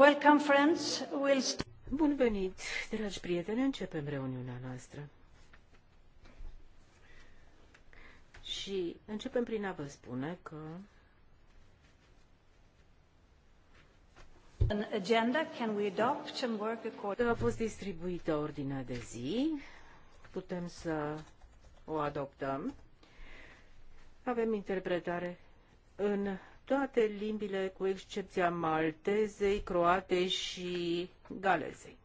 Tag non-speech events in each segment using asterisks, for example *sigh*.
Welcome, friends. We'll... Bun venit, dragi prieteni, începem reuniunea noastră. Și începem prin a vă spune că An agenda can we adopt and work according... A fost distribuită ordinea de zi. Putem să o adoptăm. Avem interpretare în toate limbile, cu excepția maltezei, croatei și galezei.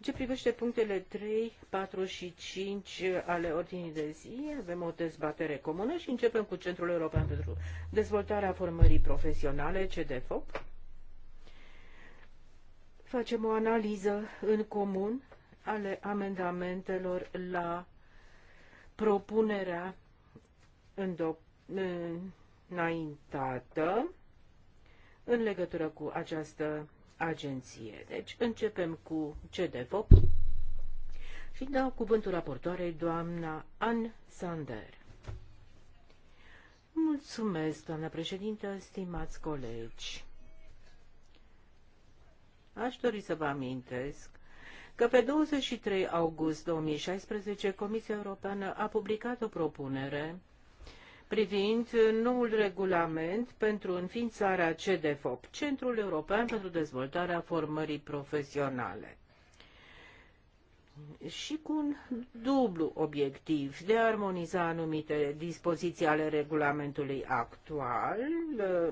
ce privește punctele 3, 4 și 5 ale ordinii de zi, avem o dezbatere comună și începem cu Centrul European pentru Dezvoltarea Formării Profesionale, CDFOP. Facem o analiză în comun ale amendamentelor la propunerea înaintată în legătură cu această agenție. Deci începem cu CDFOP și dau cuvântul raportoarei doamna Ann Sander. Mulțumesc, doamna președintă, stimați colegi. Aș dori să vă amintesc că pe 23 august 2016 Comisia Europeană a publicat o propunere privind noul regulament pentru înființarea CDFOP, Centrul European pentru Dezvoltarea Formării Profesionale și cu un dublu obiectiv de a armoniza anumite dispoziții ale regulamentului actual uh,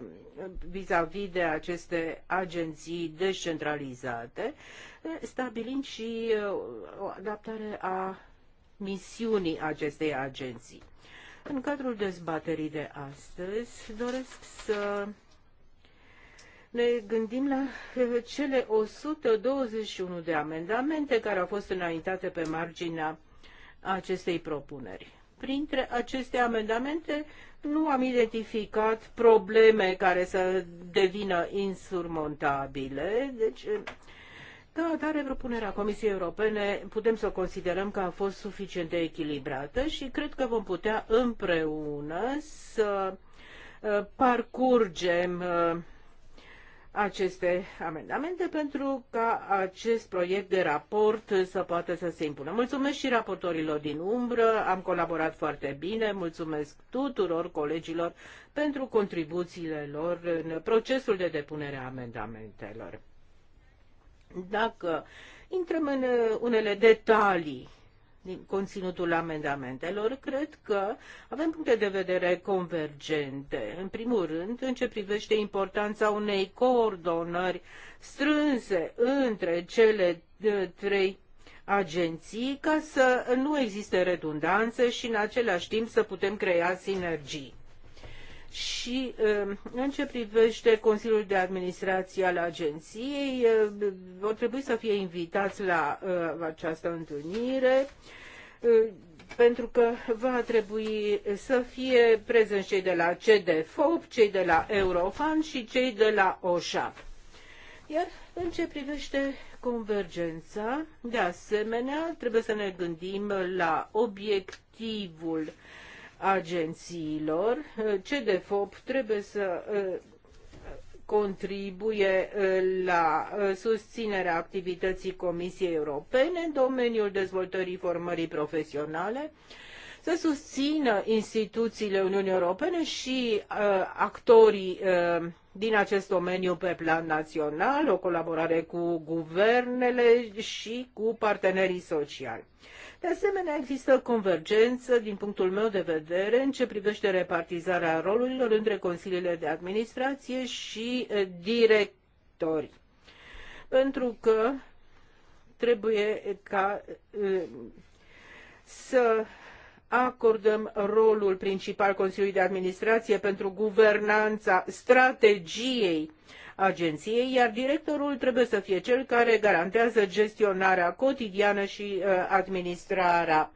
vis-a-vis -vis de aceste agenții descentralizate, uh, stabilind și uh, o adaptare a misiunii acestei agenții. În cadrul dezbaterii de astăzi doresc să ne gândim la eh, cele 121 de amendamente care au fost înaintate pe marginea acestei propuneri. Printre aceste amendamente nu am identificat probleme care să devină insurmontabile, deci eh, ca atare propunerea Comisiei Europene putem să o considerăm că a fost suficient de echilibrată și cred că vom putea împreună să eh, parcurgem aceste amendamente pentru ca acest proiect de raport să poată să se impună. Mulțumesc și raportorilor din umbră, am colaborat foarte bine, mulțumesc tuturor colegilor pentru contribuțiile lor în procesul de depunere a amendamentelor. Dacă intrăm în unele detalii din conținutul amendamentelor, cred că avem puncte de vedere convergente. În primul rând, în ce privește importanța unei coordonări strânse între cele ă, trei agenții ca să nu existe redundanțe și în același timp să putem crea sinergii. Și eh, în ce privește Consiliul de Administrație al agenției, eh, vor trebui să fie invitați la eh, această întâlnire pentru că va trebui să fie prezenți cei de la CDFOP, cei de la Eurofan și cei de la OSHAP. Iar în ce privește convergența, de asemenea, trebuie să ne gândim la obiectivul uh, agențiilor. ce fapt trebuie să uh, contribuie uh, la uh, susținerea activității Comisiei Europene în domeniul dezvoltării formării profesionale, să susțină instituțiile Uniunii Europene și uh, actorii uh, din acest domeniu pe plan național, o colaborare cu guvernele și cu partenerii sociali. De asemenea, există convergență, din punctul meu de vedere, în ce privește repartizarea rolurilor între consiliile de administrație și directori. Pentru că trebuie ca să acordăm rolul principal Consiliului de Administrație pentru guvernanța strategiei agenției, iar directorul trebuie să fie cel care garantează gestionarea cotidiană și uh, administrarea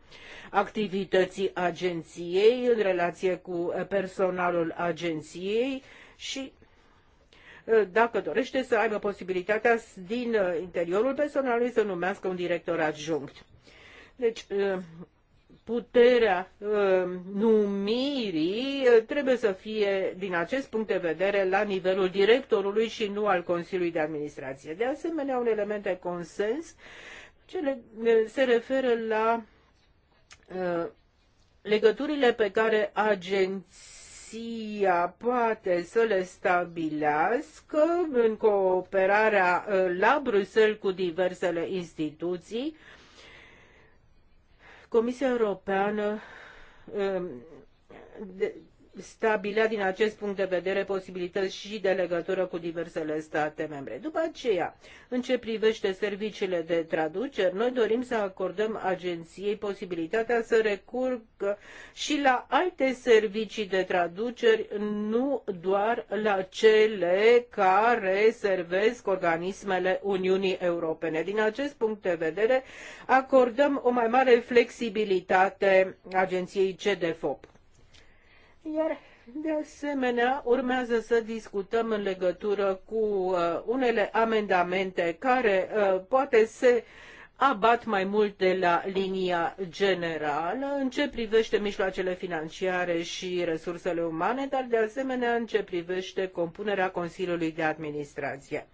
activității agenției în relație cu uh, personalul agenției și uh, dacă dorește să aibă posibilitatea din interiorul personalului să numească un director adjunct. Deci, puterea uh, numirii uh, trebuie să fie, din acest punct de vedere, la nivelul directorului și nu al Consiliului de Administrație. De asemenea, un element de consens cele, uh, se referă la uh, legăturile pe care agenția poate să le stabilească în cooperarea uh, la Bruxelles cu diversele instituții, uh, Comisia Europeană um, stabilea din acest punct de vedere posibilități și de legătură cu diversele state membre. După aceea, în ce privește serviciile de traduceri, noi dorim să acordăm agenției posibilitatea să recurgă și la alte servicii de traduceri, nu doar la cele care servesc organismele Uniunii Europene. Din acest punct de vedere, acordăm o mai mare flexibilitate agenției CDFOP. Iar, de asemenea, urmează să discutăm în legătură cu uh, unele amendamente care uh, poate se abat mai mult de la linia generală în ce privește mijloacele financiare și resursele umane, dar de asemenea în ce privește compunerea Consiliului de Administrație.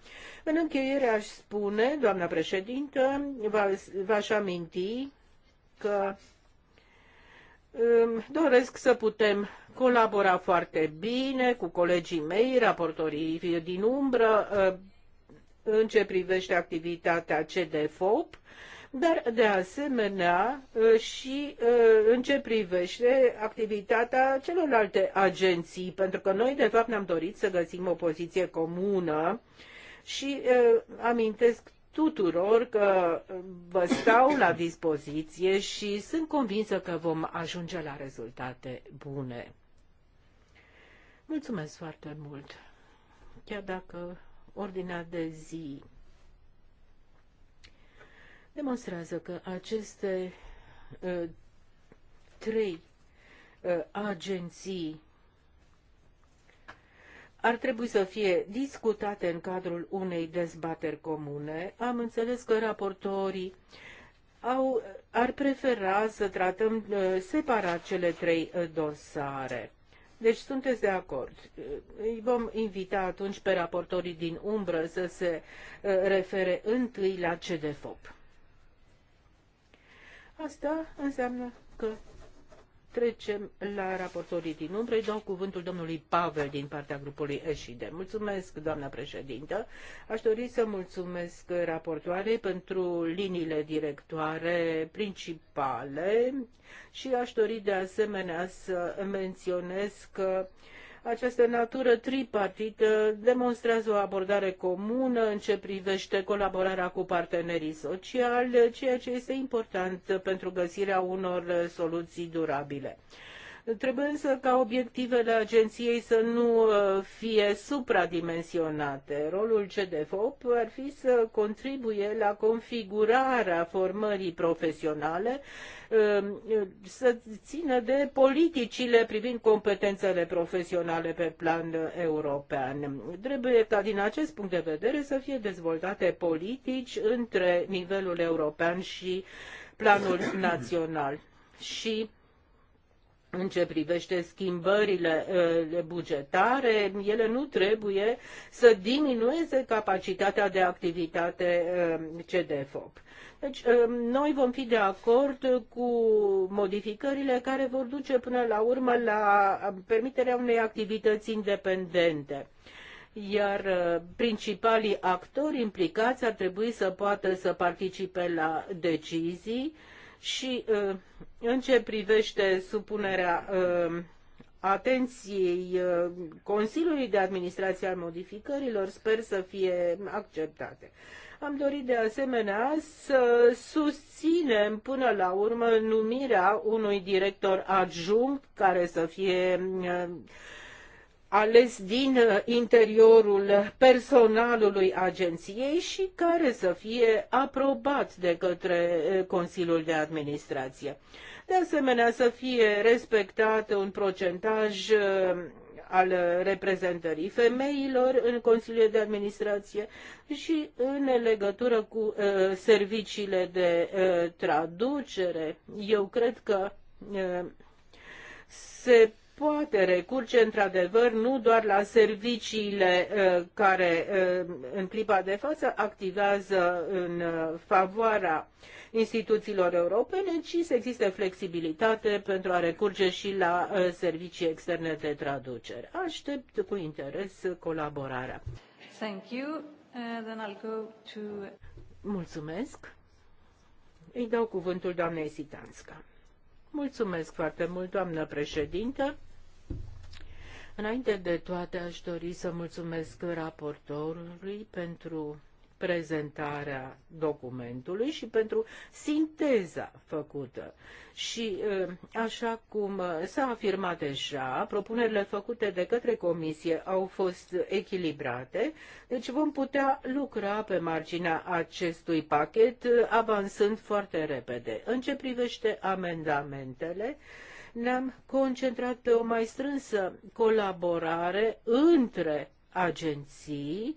În încheiere aș spune, doamna președintă, v-aș aminti că doresc să putem colabora foarte bine cu colegii mei, raportorii din umbră, uh, în ce privește activitatea CDFOP, dar de asemenea uh, și uh, în ce privește activitatea celorlalte agenții, pentru că noi de fapt ne-am dorit să găsim o poziție comună și amintesc tuturor că vă stau la dispoziție și sunt convinsă că vom ajunge la rezultate bune. Mulțumesc foarte mult. Chiar dacă ordinea de zi demonstrează că aceste uh, trei uh, agenții ar trebui să fie discutate în cadrul unei dezbateri comune. Am înțeles că raportorii au, ar prefera să tratăm uh, separat cele trei uh, dosare. Deci sunteți de acord. Uh, îi vom invita atunci pe raportorii din umbră să se refere întâi la CDFOP. Asta înseamnă că Trecem la raportorii din umbră. Îi dau cuvântul domnului Pavel din partea grupului ESHIDE. Mulțumesc, doamna președintă. Aș dori să mulțumesc raportoarei pentru liniile directoare principale și aș dori de asemenea să menționez că uh, această natură tripartită demonstrează o abordare comună în ce privește colaborarea cu partenerii sociali, ceea ce este important pentru găsirea unor soluții durabile. Trebuie însă ca obiectivele agenției să nu uh, fie supradimensionate. Rolul CDFOP ar fi să contribuie la configurarea formării profesionale, uh, să țină de politicile privind competențele profesionale pe plan european. Trebuie ca din acest punct de vedere să fie dezvoltate politici între nivelul european și planul național. Și în ce privește schimbările uh, bugetare, ele nu trebuie să diminueze capacitatea de activitate uh, CDFOP. Deci, uh, noi vom fi de acord cu modificările care vor duce până la urmă la permiterea unei activități independente iar principalii actori implicați ar trebui să poată să participe la decizii și uh, în ce privește supunerea uh, atenției uh, Consiliului de Administrație al modificărilor, sper să fie acceptate. Am dorit de asemenea să susținem până la urmă numirea unui director adjunct care să fie ales din uh, interiorul personalului agenției și care să fie aprobat de către uh, Consiliul de Administrație. De asemenea, să fie respectat un procentaj uh, al reprezentării femeilor în Consiliul de Administrație și în legătură cu serviciile de traducere. Eu cred că se poate recurge într-adevăr nu doar la serviciile uh, care uh, în clipa de față activează în uh, favoarea instituțiilor europene, ci să existe flexibilitate pentru a recurge și la servicii externe de traducere. Aștept cu interes colaborarea. Thank you. Uh, then I'll go to... Mulțumesc. Îi dau cuvântul doamnei Sitanska. Mulțumesc foarte mult, doamnă președintă. Înainte de toate, aș dori să mulțumesc raportorului pentru prezentarea documentului și pentru sinteza făcută. Și eh, așa cum s-a afirmat deja, propunerile făcute de către comisie au fost echilibrate, deci vom putea lucra pe marginea acestui pachet eh, avansând foarte repede. În ce privește amendamentele, ne-am concentrat pe o mai strânsă colaborare între agenții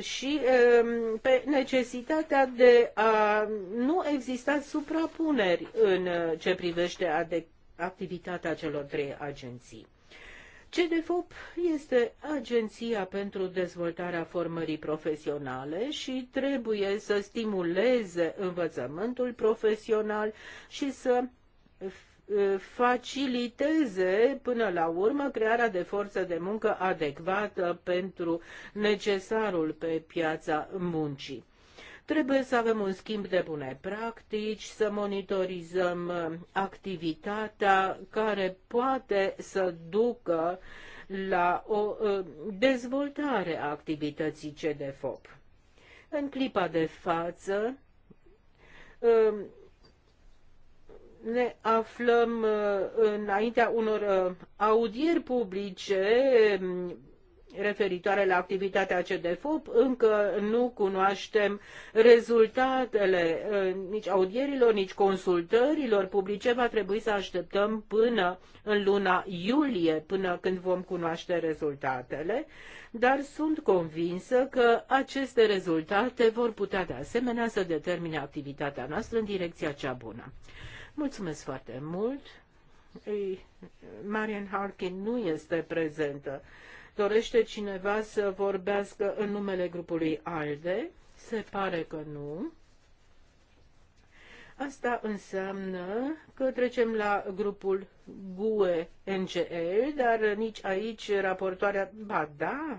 și ehm, pe necesitatea de a nu exista suprapuneri în eh, ce privește activitatea celor trei agenții. CDFOP este agenția pentru dezvoltarea formării profesionale și trebuie să stimuleze învățământul profesional și să Uh, faciliteze până la urmă crearea de forță de muncă adecvată pentru necesarul pe piața muncii. Trebuie să avem un schimb de bune practici, să monitorizăm uh, activitatea care poate să ducă la o uh, dezvoltare a activității CDFOP. În clipa de față, ne aflăm uh, înaintea unor uh, audieri publice um, referitoare la activitatea CDFOP. Încă nu cunoaștem rezultatele uh, nici audierilor, nici consultărilor publice. Va trebui să așteptăm până în luna iulie, până când vom cunoaște rezultatele, dar sunt convinsă că aceste rezultate vor putea de asemenea să determine activitatea noastră în direcția cea bună. Mulțumesc foarte mult. Ei, Marian Harkin nu este prezentă. Dorește cineva să vorbească în numele grupului ALDE? Se pare că nu. Asta înseamnă că trecem la grupul GUE NGL, dar nici aici raportoarea... Ba da,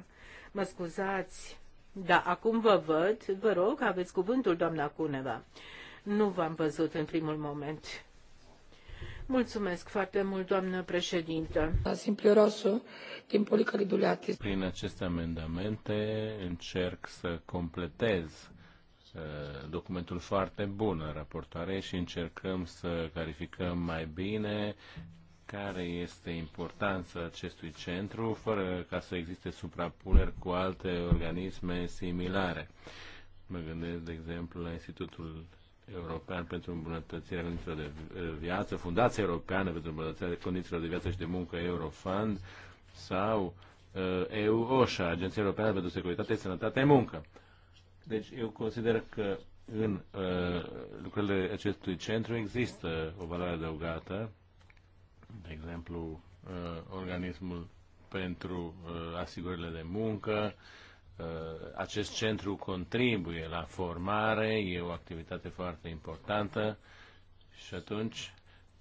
mă scuzați. Da, acum vă văd. Vă rog, aveți cuvântul, doamna Cuneva. Nu v-am văzut în primul moment. Mulțumesc mult, Simplu timpul Prin aceste amendamente încerc să completez uh, documentul foarte bun în raportare și încercăm să clarificăm mai bine care este importanța acestui centru, fără ca să existe suprapuneri cu alte organisme similare. Mă gândesc, de exemplu, la Institutul European pentru îmbunătățirea condițiilor de eh, viață, Fundația Europeană pentru îmbunătățirea condițiilor de viață și de muncă Eurofund sau EU eh, OSHA, Agenția Europeană pentru Securitate, Sănătate, Muncă. Deci eu consider că în uh, eh, lucrurile acestui centru există o valoare adăugată, de exemplu, uh, organismul pentru uh, asigurările de muncă, uh, Uh, acest centru contribuie la formare, e o activitate foarte importantă și atunci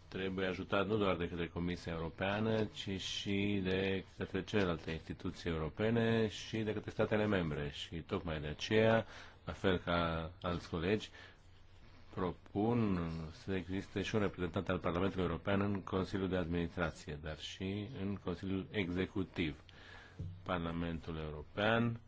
trebuie ajutat nu doar de către Comisia Europeană, ci și de către celelalte instituții europene și de către statele membre. Și tocmai de aceea, la fel ca alți colegi, propun să existe și un reprezentant al Parlamentului European în Consiliul de Administrație, dar și în Consiliul Executiv. Parlamentul European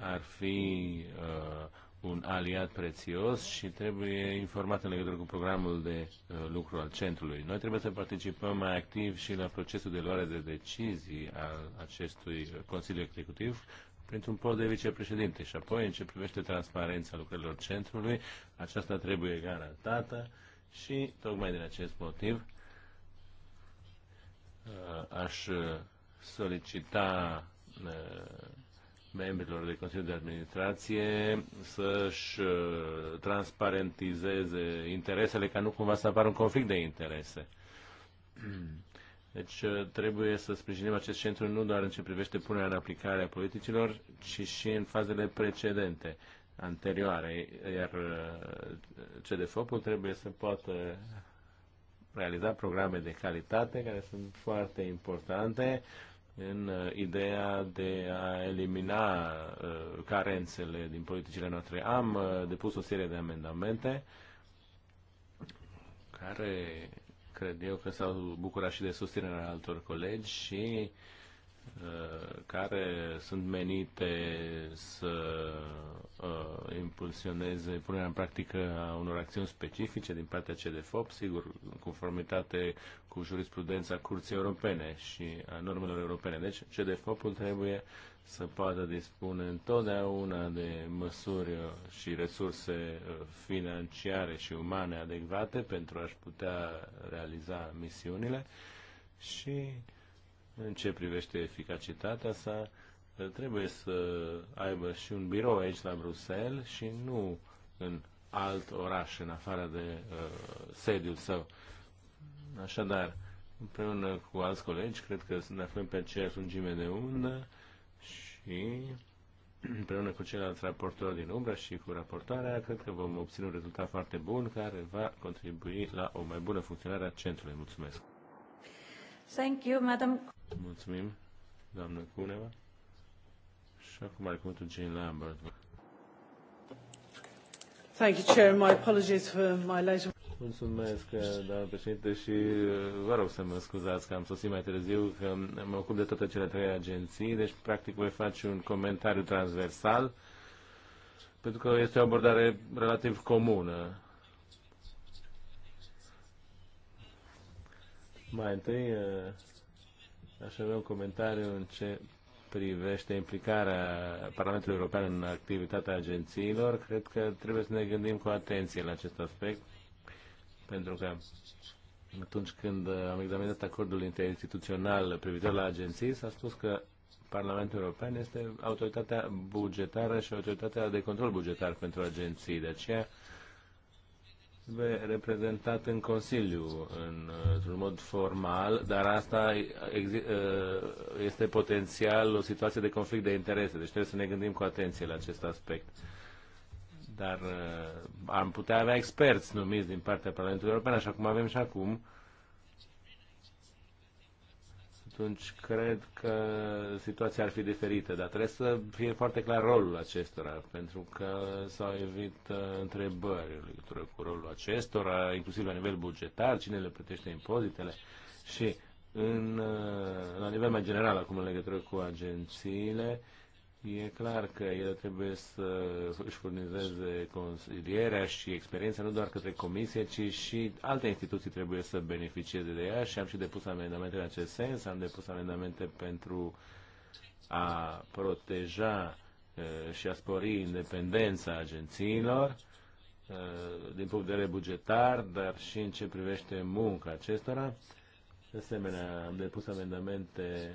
ar fi uh, un aliat prețios și trebuie informat în legătură cu programul de uh, lucru al centrului. Noi trebuie să participăm mai activ și la procesul de luare de decizii al acestui Consiliu Executiv printr-un post de vicepreședinte și apoi în ce privește transparența lucrărilor centrului, aceasta trebuie garantată și tocmai din acest motiv uh, aș solicita uh, membrilor de Consiliul de Administrație să-și uh, transparentizeze interesele ca nu cumva să apară un conflict de interese. Deci uh, trebuie să sprijinim acest centru nu doar în ce privește punerea în aplicare a politicilor, ci și în fazele precedente, anterioare, iar uh, CDFOP-ul trebuie să poată realiza programe de calitate care sunt foarte importante în uh, ideea de a elimina uh, carențele din politicile noastre. Am uh, depus o serie de amendamente care cred eu că s-au bucurat și de susținerea altor colegi și uh, Uh, care sunt menite să uh, impulsioneze punerea în practică a unor acțiuni specifice din partea CDFOP, sigur, în conformitate cu jurisprudența Curții Europene și a normelor europene. Deci, CDFOP-ul trebuie să poată dispune întotdeauna de măsuri și resurse uh, financiare și umane adecvate pentru a-și putea realiza misiunile și uh, în ce privește eficacitatea sa, trebuie să aibă și un birou aici la Bruxelles și nu în alt oraș în afară de uh, sediul său. Așadar, împreună cu alți colegi, cred că ne aflăm pe aceeași lungime de undă și împreună cu ceilalți raportori din umbră și cu raportoarea, cred că vom obține un rezultat foarte bun care va contribui la o mai bună funcționare a centrului. Mulțumesc! Thank you, madam. Mulțumim, doamnă Cuneva. Și acum are cuvântul Jane Lambert. Thank you, Chair. My apologies for my late... Mulțumesc, doamnă președinte, și uh, vă rog să mă scuzați că am sosit mai târziu, că mă ocup de toate cele trei agenții, deci practic voi face un comentariu transversal, pentru că este o abordare relativ comună Mai întâi, uh, aș avea un comentariu în ce privește implicarea Parlamentului European în activitatea agențiilor. Cred că trebuie să ne gândim cu atenție la acest aspect, pentru că atunci când am examinat acordul interinstituțional privitor la agenții, s-a spus că Parlamentul European este autoritatea bugetară și autoritatea de control bugetar pentru agenții. De aceea, reprezentat în Consiliu în, într-un mod formal, dar asta ă, este potențial o situație de conflict de interese, deci trebuie să ne gândim cu atenție la acest aspect. Dar ă, am putea avea experți numiți din partea Parlamentului European, așa cum avem și acum, atunci cred că situația ar fi diferită, dar trebuie să fie foarte clar rolul acestora, pentru că s-au evit uh, întrebări în legătură cu rolul acestora, inclusiv la nivel bugetar, cine le plătește impozitele și în, uh, la nivel mai general acum în legătură cu agențiile, uh, E clar că el trebuie să își furnizeze consilierea și experiența nu doar către comisie, ci și alte instituții trebuie să beneficieze de ea și am și depus amendamente în acest sens, am depus amendamente pentru a proteja uh, și a spori independența agențiilor uh, din punct de vedere bugetar, dar și în ce privește munca acestora. De asemenea, am depus amendamente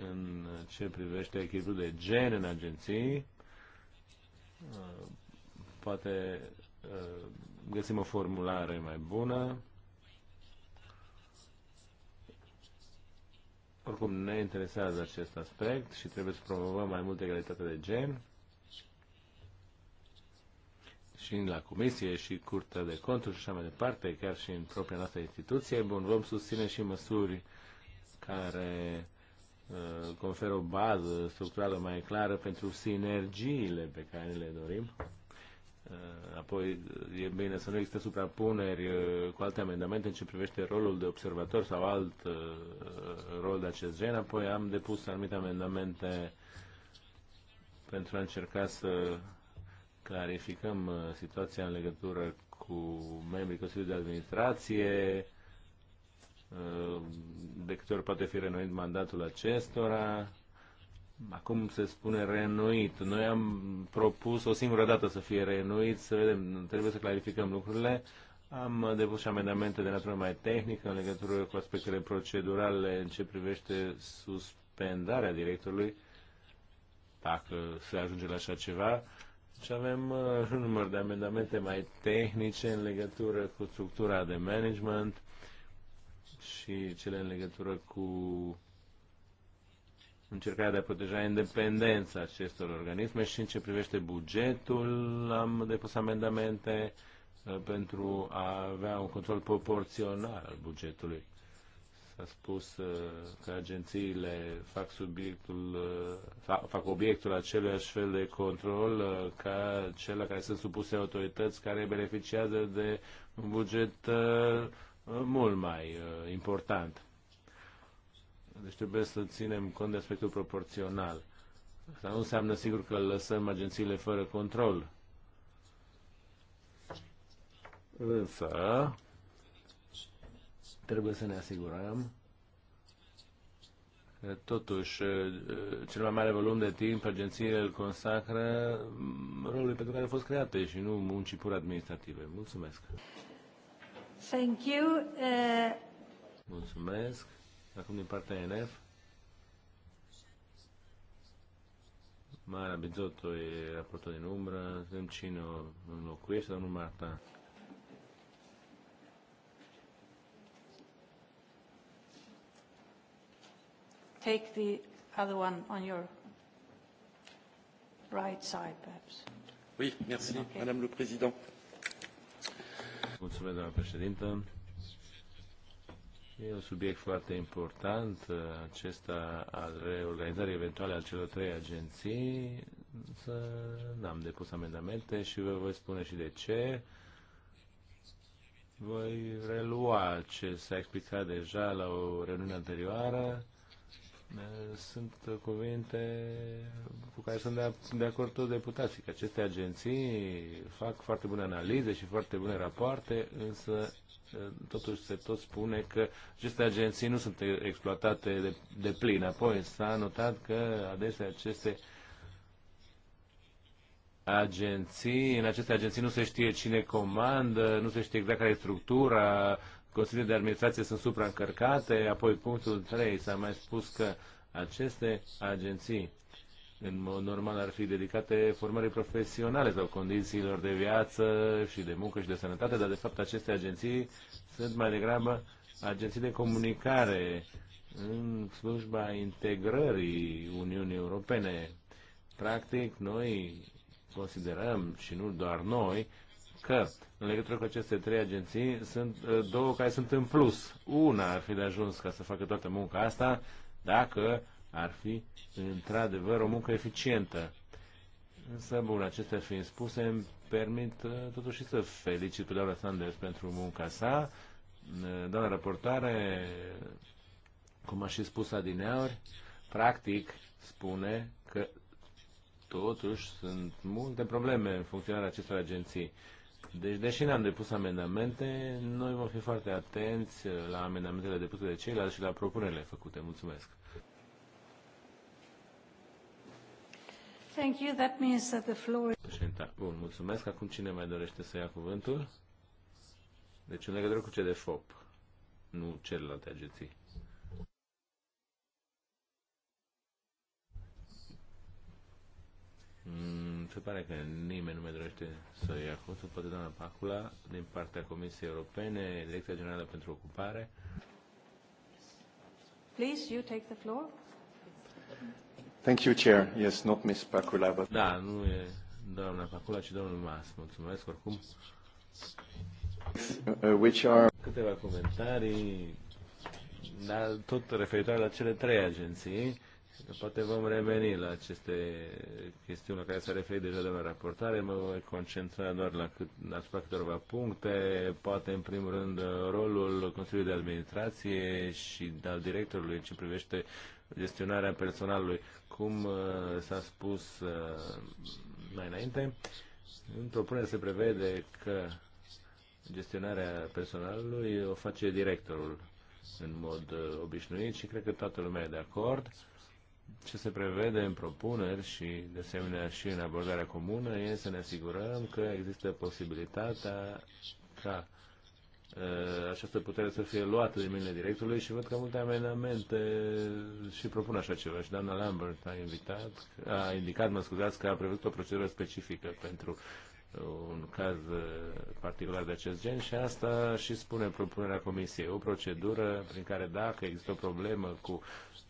în ce privește echipul de gen în agenții. Poate uh, găsim o formulare mai bună. Oricum ne interesează acest aspect și trebuie să promovăm mai multe egalitate de gen și în la comisie și curtea de conturi și așa mai departe, chiar și în propria noastră instituție. Bun, vom susține și măsuri care Uh, conferă o bază structurală mai clară pentru sinergiile pe care le dorim. Uh, apoi uh, e bine să nu există suprapuneri cu alte amendamente în ce privește rolul de observator sau alt rol de acest gen. Apoi am depus anumite amendamente pentru a încerca să clarificăm situația în legătură cu membrii Consiliului de Administrație, de câte ori poate fi renoit mandatul acestora. Acum se spune renuit. Noi am propus o singură dată să fie renuit. să vedem, trebuie să clarificăm lucrurile. Am depus și amendamente de natură mai tehnică în legătură cu aspectele procedurale în ce privește suspendarea directorului, dacă se ajunge la așa ceva. Și deci avem uh, un număr de amendamente mai tehnice în legătură cu structura de management, și cele în legătură cu încercarea de a proteja independența acestor organisme și în ce privește bugetul am depus amendamente uh, pentru a avea un control proporțional al bugetului. S-a spus uh, că agențiile fac subiectul, uh, fac obiectul aceleași fel de control ca cele care sunt supuse autorități care beneficiază de un buget Uh, mult mai uh, important. Deci trebuie să ținem cont de aspectul proporțional. Asta nu înseamnă sigur că lăsăm agențiile fără control. Însă, trebuie să ne asigurăm că totuși uh, cel mai mare volum de timp agențiile îl consacră rolului pentru care au fost create și nu muncii pur administrative. Mulțumesc! Thank you. Uh... Mulțumesc. Acum din partea NF. Mara Bizotto e raportul din umbră. Vedem cine o înlocuiește, domnul Marta. Take the other one on your right side, perhaps. Oui, merci, okay. Madame le Président. Mulțumesc, doamna președintă. E un subiect foarte important, acesta al reorganizării eventuale al celor trei agenții. Să n-am depus amendamente și vă voi spune și de ce. Voi relua ce s-a explicat deja la o reuniune anterioară sunt cuvinte cu care sunt de acord toți deputații, că aceste agenții fac foarte bune analize și foarte bune rapoarte, însă totuși se tot spune că aceste agenții nu sunt exploatate de, de plin. Apoi s-a notat că adesea aceste agenții, în aceste agenții nu se știe cine comandă, nu se știe exact care e structura, consiliile de administrație sunt supraîncărcate, apoi punctul 3 s-a mai spus că aceste agenții în mod normal ar fi dedicate formării profesionale sau condițiilor de viață și de muncă și de sănătate, dar de fapt aceste agenții sunt mai degrabă agenții de comunicare în slujba integrării Uniunii Europene. Practic, noi considerăm, și nu doar noi, că în legătură cu aceste trei agenții sunt uh, două care sunt în plus. Una ar fi de ajuns ca să facă toată munca asta dacă ar fi într-adevăr o muncă eficientă. Însă, bun, acestea fiind spuse, îmi permit uh, totuși să felicit pe doamna Sanders pentru munca sa. Uh, doamna raportare, cum a și spus adineauri, practic spune că totuși sunt multe probleme în funcționarea acestor agenții. Deci, deși ne-am depus amendamente, noi vom fi foarte atenți la amendamentele depuse de ceilalți și la propunerile făcute. Mulțumesc! Thank you. That means that the floor... is... bun, mulțumesc. Acum cine mai dorește să ia cuvântul? Deci în legătură cu CDFOP, nu celelalte agenții. Mm, se pare că nimeni nu mai dorește să ia cuvântul, poate doamna Pacula, din partea Comisiei Europene, Direcția Generală pentru Ocupare. Please, you take the floor. Thank you, Chair. Yes, not Miss Pacula, but... Da, nu e doamna Pacula, ci domnul Mas. Mulțumesc, oricum. Uh, uh, which are... Câteva comentarii, dar tot referitoare la cele trei agenții Poate vom reveni la aceste chestiuni la care s-a referit deja de la raportare. Mă voi concentra doar la cât, asupra câteva puncte. Poate, în primul rând, rolul Consiliului de Administrație și al directorului în ce privește gestionarea personalului, cum uh, s-a spus uh, mai înainte. În propunere se prevede că gestionarea personalului o face directorul în mod uh, obișnuit și cred că toată lumea e de acord ce se prevede în propuneri și, de asemenea, și în abordarea comună, e să ne asigurăm că există posibilitatea ca uh, această putere să fie luată din mâinile directului și văd că multe amendamente și propun așa ceva. Și doamna Lambert a, invitat, a indicat, mă scuzați, că a prevăzut o procedură specifică pentru un caz uh, particular de acest gen și asta și spune propunerea Comisiei. O procedură prin care dacă există o problemă cu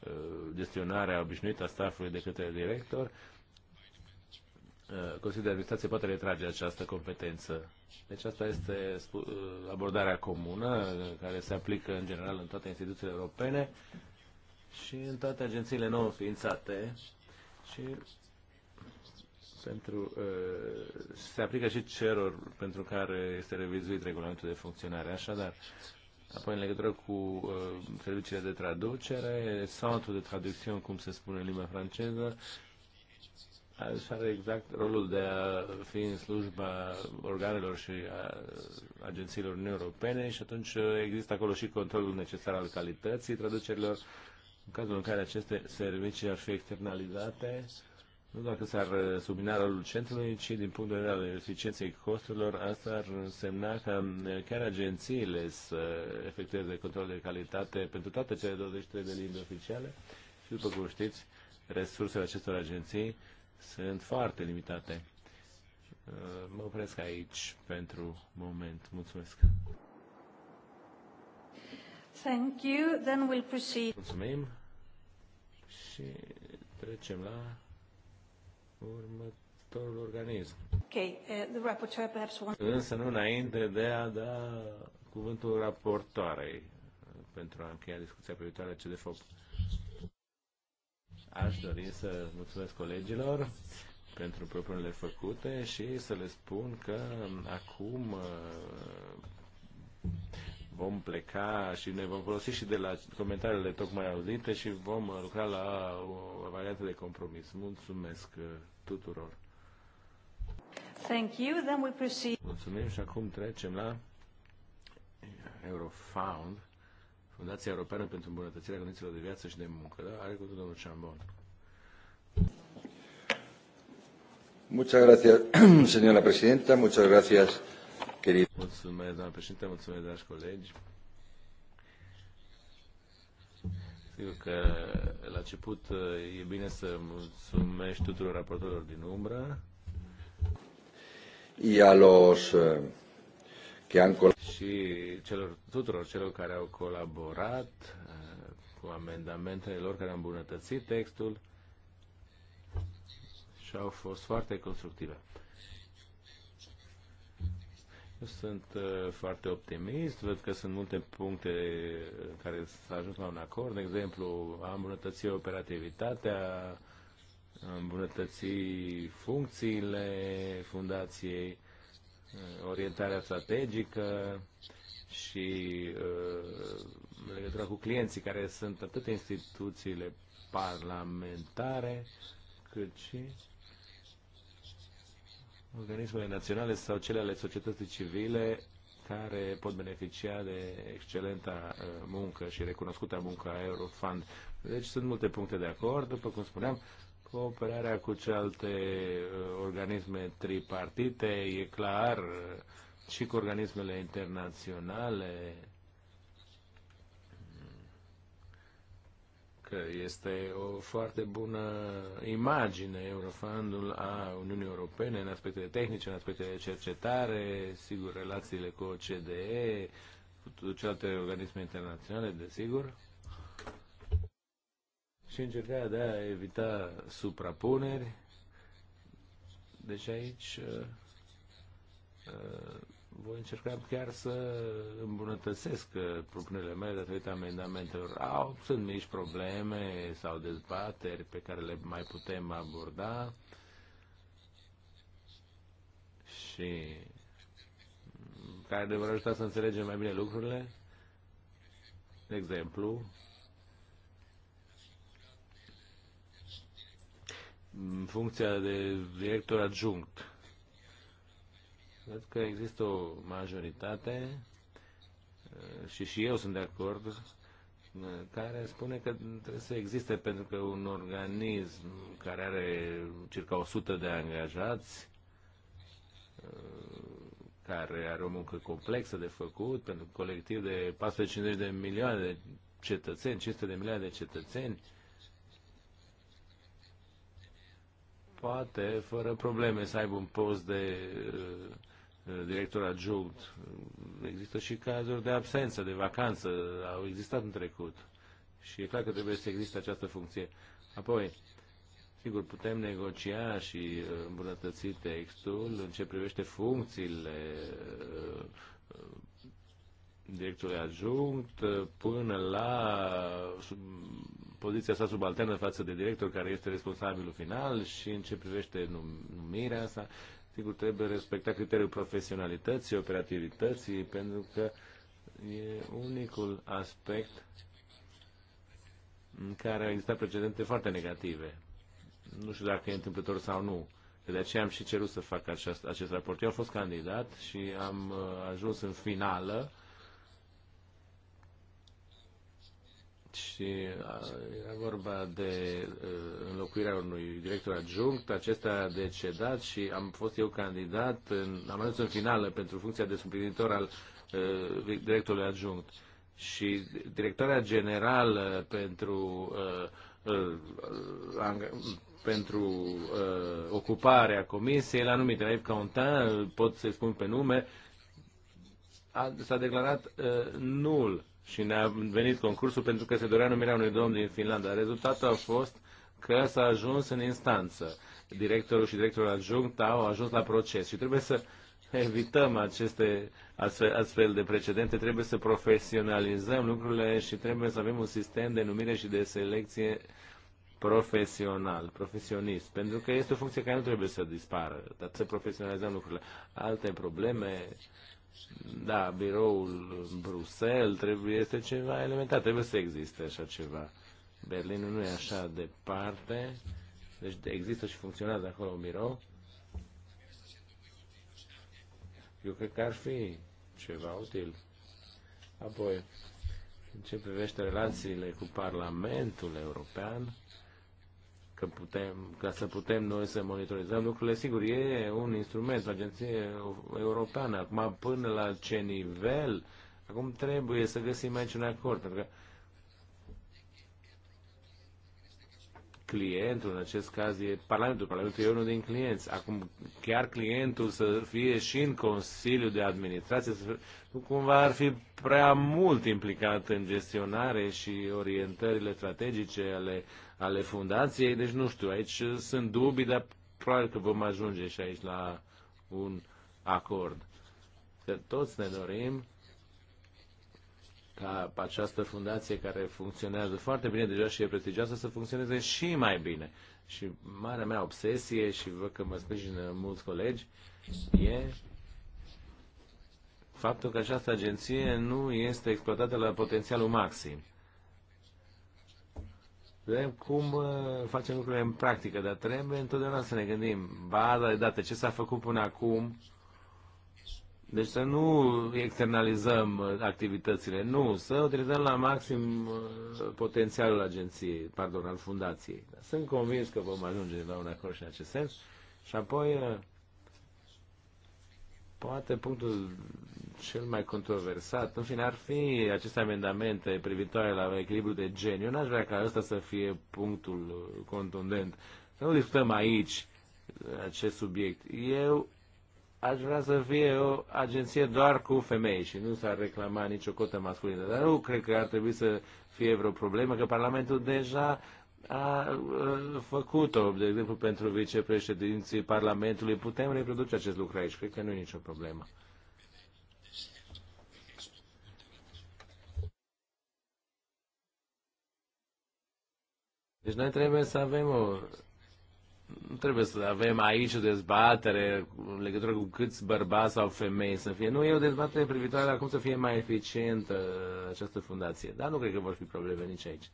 uh, gestionarea obișnuită a staffului de către director, uh, Consiliul de Administrație poate retrage această competență. Deci asta este abordarea comună care se aplică în general în toate instituțiile europene și în toate agențiile nou înființate și pentru, uh, se aplică și celor pentru care este revizuit regulamentul de funcționare. Așadar, apoi în legătură cu uh, serviciile de traducere, centru de traducție, cum se spune în limba franceză, Așa are exact rolul de a fi în slujba organelor și a agențiilor europene și atunci uh, există acolo și controlul necesar al calității traducerilor în cazul în care aceste servicii ar fi externalizate nu dacă s-ar uh, submina rolul centrului, ci din punct de vedere al eficienței costurilor, asta ar însemna ca uh, chiar agențiile să efectueze control de calitate pentru toate cele 23 de limbi oficiale și, după cum știți, resursele acestor agenții sunt foarte limitate. Uh, mă opresc aici pentru moment. Mulțumesc! Thank you. Then we'll proceed. Mulțumim și trecem la următorul organism. Okay, uh, the rapporteur perhaps wants... Însă nu înainte de a da cuvântul raportoarei pentru a încheia discuția privitoare ce de fapt aș dori să mulțumesc colegilor pentru propunerile făcute și să le spun că acum uh, vom pleca și ne vom folosi și de la comentariile tocmai auzite și vom lucra la o variantă de compromis. Mulțumesc uh, tuturor! Thank you. Then we proceed. Mulțumim și acum trecem la Eurofound, Fundația Europeană pentru îmbunătățirea condițiilor de viață și de muncă. Da? Are cuvântul domnul Ciambon. Muchas gracias, *clears throat* señora presidenta. Muchas gracias querido. Mulțumesc, doamna președinte, mulțumesc, dragi colegi. Sigur că la început e bine să mulțumesc tuturor raportorilor din umbră. I a los que uh, han și celor, tuturor celor care au colaborat uh, cu amendamentele lor care au îmbunătățit textul și au fost foarte constructive. Eu sunt uh, foarte optimist, văd că sunt multe puncte în uh, care s-a ajuns la un acord, de exemplu, a îmbunătăți operativitatea, a îmbunătăți funcțiile fundației, uh, orientarea strategică și legătura cu clienții, care sunt atât instituțiile parlamentare, cât și organismele naționale sau cele ale societății civile care pot beneficia de excelenta uh, muncă și recunoscută muncă a Eurofund. Deci sunt multe puncte de acord, după cum spuneam, cooperarea cu celelalte uh, organisme tripartite e clar uh, și cu organismele internaționale că este o foarte bună imagine Eurofundul a Uniunii Europene în aspectele tehnice, în aspectele de cercetare, sigur, relațiile cu OCDE, cu celelalte organisme internaționale, desigur. Și încerca de a evita suprapuneri. Deci aici uh, uh, voi încerca chiar să îmbunătățesc uh, propunerile mele datorită amendamentelor. Au, sunt mici probleme sau dezbateri pe care le mai putem aborda și mm, care ne vor ajuta să înțelegem mai bine lucrurile. De exemplu, mm, funcția de director adjunct Cred că există o majoritate uh, și și eu sunt de acord uh, care spune că trebuie să existe pentru că un organism care are circa 100 de angajați uh, care are o muncă complexă de făcut pentru un colectiv de 450 de milioane de cetățeni, 500 de milioane de cetățeni, poate fără probleme să aibă un post de director adjunct. Există și cazuri de absență, de vacanță, au existat în trecut. Și e clar că trebuie să existe această funcție. Apoi, sigur, putem negocia și uh, îmbunătăți textul în ce privește funcțiile uh, uh, directorului adjunct până la poziția sa subalternă față de director care este responsabilul final și în ce privește numirea sa Sigur, trebuie respecta criteriul profesionalității, operativității, pentru că e unicul aspect în care au existat precedente foarte negative. Nu știu dacă e întâmplător sau nu. De aceea am și cerut să fac acest, acest raport. Eu am fost candidat și am uh, ajuns în finală și era vorba de înlocuirea unui director adjunct, acesta a decedat și am fost eu candidat, în, am ajuns în finală pentru funcția de suplinitor al uh, directorului adjunct. Și directoarea generală pentru uh, uh, pentru uh, ocuparea comisiei, la numit Raif Cauntan, pot să-i spun pe nume, s-a declarat uh, nul și ne-a venit concursul pentru că se dorea numirea unui domn din Finlanda. Rezultatul a fost că s-a ajuns în instanță. Directorul și directorul adjunct au ajuns la proces și trebuie să evităm aceste astfel, astfel de precedente, trebuie să profesionalizăm lucrurile și trebuie să avem un sistem de numire și de selecție profesional, profesionist, pentru că este o funcție care nu trebuie să dispară, dar să profesionalizăm lucrurile. Alte probleme da, biroul Bruxelles trebuie este ceva elementar, trebuie să existe așa ceva. Berlinul nu e așa departe, deci există și funcționează acolo un birou. Eu cred că ar fi ceva util. Apoi, în ce privește relațiile cu Parlamentul European, că putem, ca să putem noi să monitorizăm lucrurile. Sigur, e un instrument, o agenție europeană. Acum, până la ce nivel, acum trebuie să găsim aici un acord, pentru că clientul, în acest caz e Parlamentul, Parlamentul e unul din clienți. Acum, chiar clientul să fie și în Consiliul de Administrație, să fie, nu cumva ar fi prea mult implicat în gestionare și orientările strategice ale uh, ale fundației, deci nu știu, aici sunt dubii, dar probabil că vom ajunge și aici la un acord. Că toți ne dorim ca această fundație care funcționează foarte bine deja și e prestigioasă să funcționeze și mai bine. Și marea mea obsesie, și văd că mă sprijină mulți colegi, e faptul că această agenție nu este exploatată la potențialul maxim vedem cum uh, facem lucrurile în practică, dar trebuie întotdeauna să ne gândim, baza de date, ce s-a făcut până acum, deci să nu externalizăm uh, activitățile, nu, să utilizăm la maxim uh, potențialul agenției, pardon, al fundației. Sunt convins că vom ajunge la un acord și în acest sens. Și apoi, poate punctul cel mai controversat, în fine, ar fi aceste amendamente privitoare la echilibru de gen. Eu n-aș vrea ca ăsta să fie punctul contundent. Să nu discutăm aici acest subiect. Eu aș vrea să fie o agenție doar cu femei și nu s-ar reclama nicio cotă masculină. Dar nu cred că ar trebui să fie vreo problemă, că Parlamentul deja a făcut-o, de exemplu, pentru vicepreședinții Parlamentului. Putem reproduce acest lucru aici. Cred că nu e nicio problemă. Deci noi trebuie să avem o... Nu trebuie să avem aici o dezbatere în legătură cu câți bărbați sau femei să fie. Nu, e o dezbatere privitoare la cum să fie mai eficientă această fundație. Dar nu cred că vor fi probleme nici aici.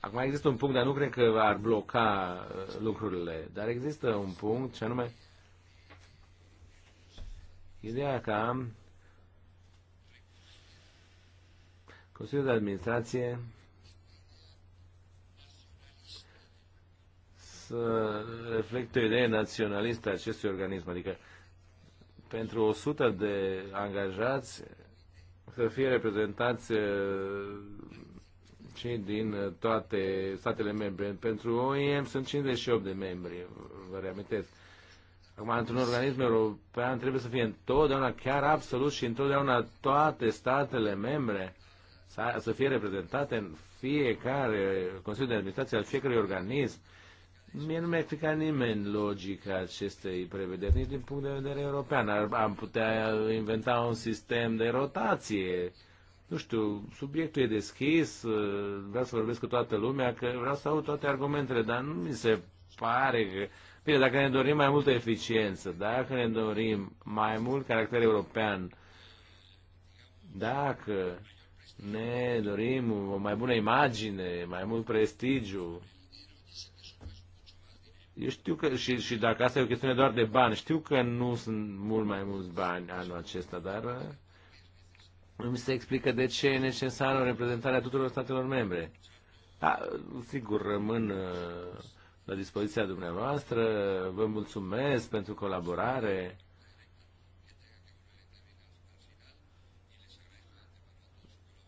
Acum există un punct, dar nu cred că ar bloca uh, lucrurile, dar există un punct, și anume Ideea am Consiliul de Administrație să reflecte o idee naționalistă a acestui organism, adică pentru 100 de angajați să fie reprezentați uh, cei din toate statele membre. Pentru OIM sunt 58 de membri, vă reamintesc. Acum, într-un organism european trebuie să fie întotdeauna, chiar absolut și întotdeauna toate statele membre să, să fie reprezentate în fiecare Consiliu de Administrație al fiecărui organism. Mie nu mi-a explicat nimeni logica acestei prevederi, nici din punct de vedere european. Ar, am putea inventa un sistem de rotație. Nu știu, subiectul e deschis, vreau să vorbesc cu toată lumea, că vreau să aud toate argumentele, dar nu mi se pare că Bine, dacă ne dorim mai multă eficiență, dacă ne dorim mai mult caracter european, dacă ne dorim o mai bună imagine, mai mult prestigiu, eu știu că, și, și dacă asta e o chestiune doar de bani, știu că nu sunt mult mai mulți bani anul acesta, dar nu uh, mi se explică de ce e necesară reprezentarea tuturor statelor membre. A, da, sigur, rămân uh, la dispoziția dumneavoastră. Vă mulțumesc pentru colaborare.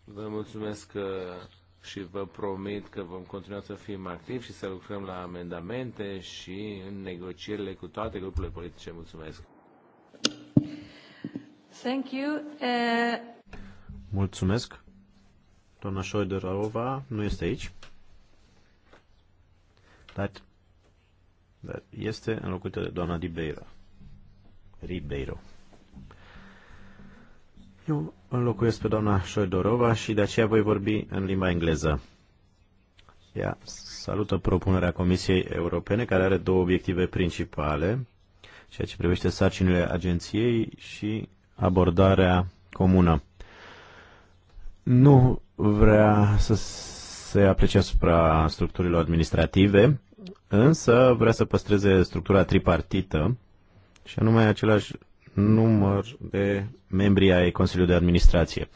Vă mulțumesc că uh, și vă promit că vom continua să fim activi și să lucrăm la amendamente și în negocierile cu toate grupurile politice. Mulțumesc! Thank you. Uh... Mulțumesc! Doamna Șoiderova nu este aici, dar dar este înlocuită de doamna Ribeiro. Ribeiro. Eu înlocuiesc pe doamna Șoidorova și de aceea voi vorbi în limba engleză. Ea salută propunerea Comisiei Europene, care are două obiective principale, ceea ce privește sarcinile agenției și abordarea comună. Nu vrea să se aplice asupra structurilor administrative, însă vrea să păstreze structura tripartită și anume același număr de membri ai Consiliului de Administrație.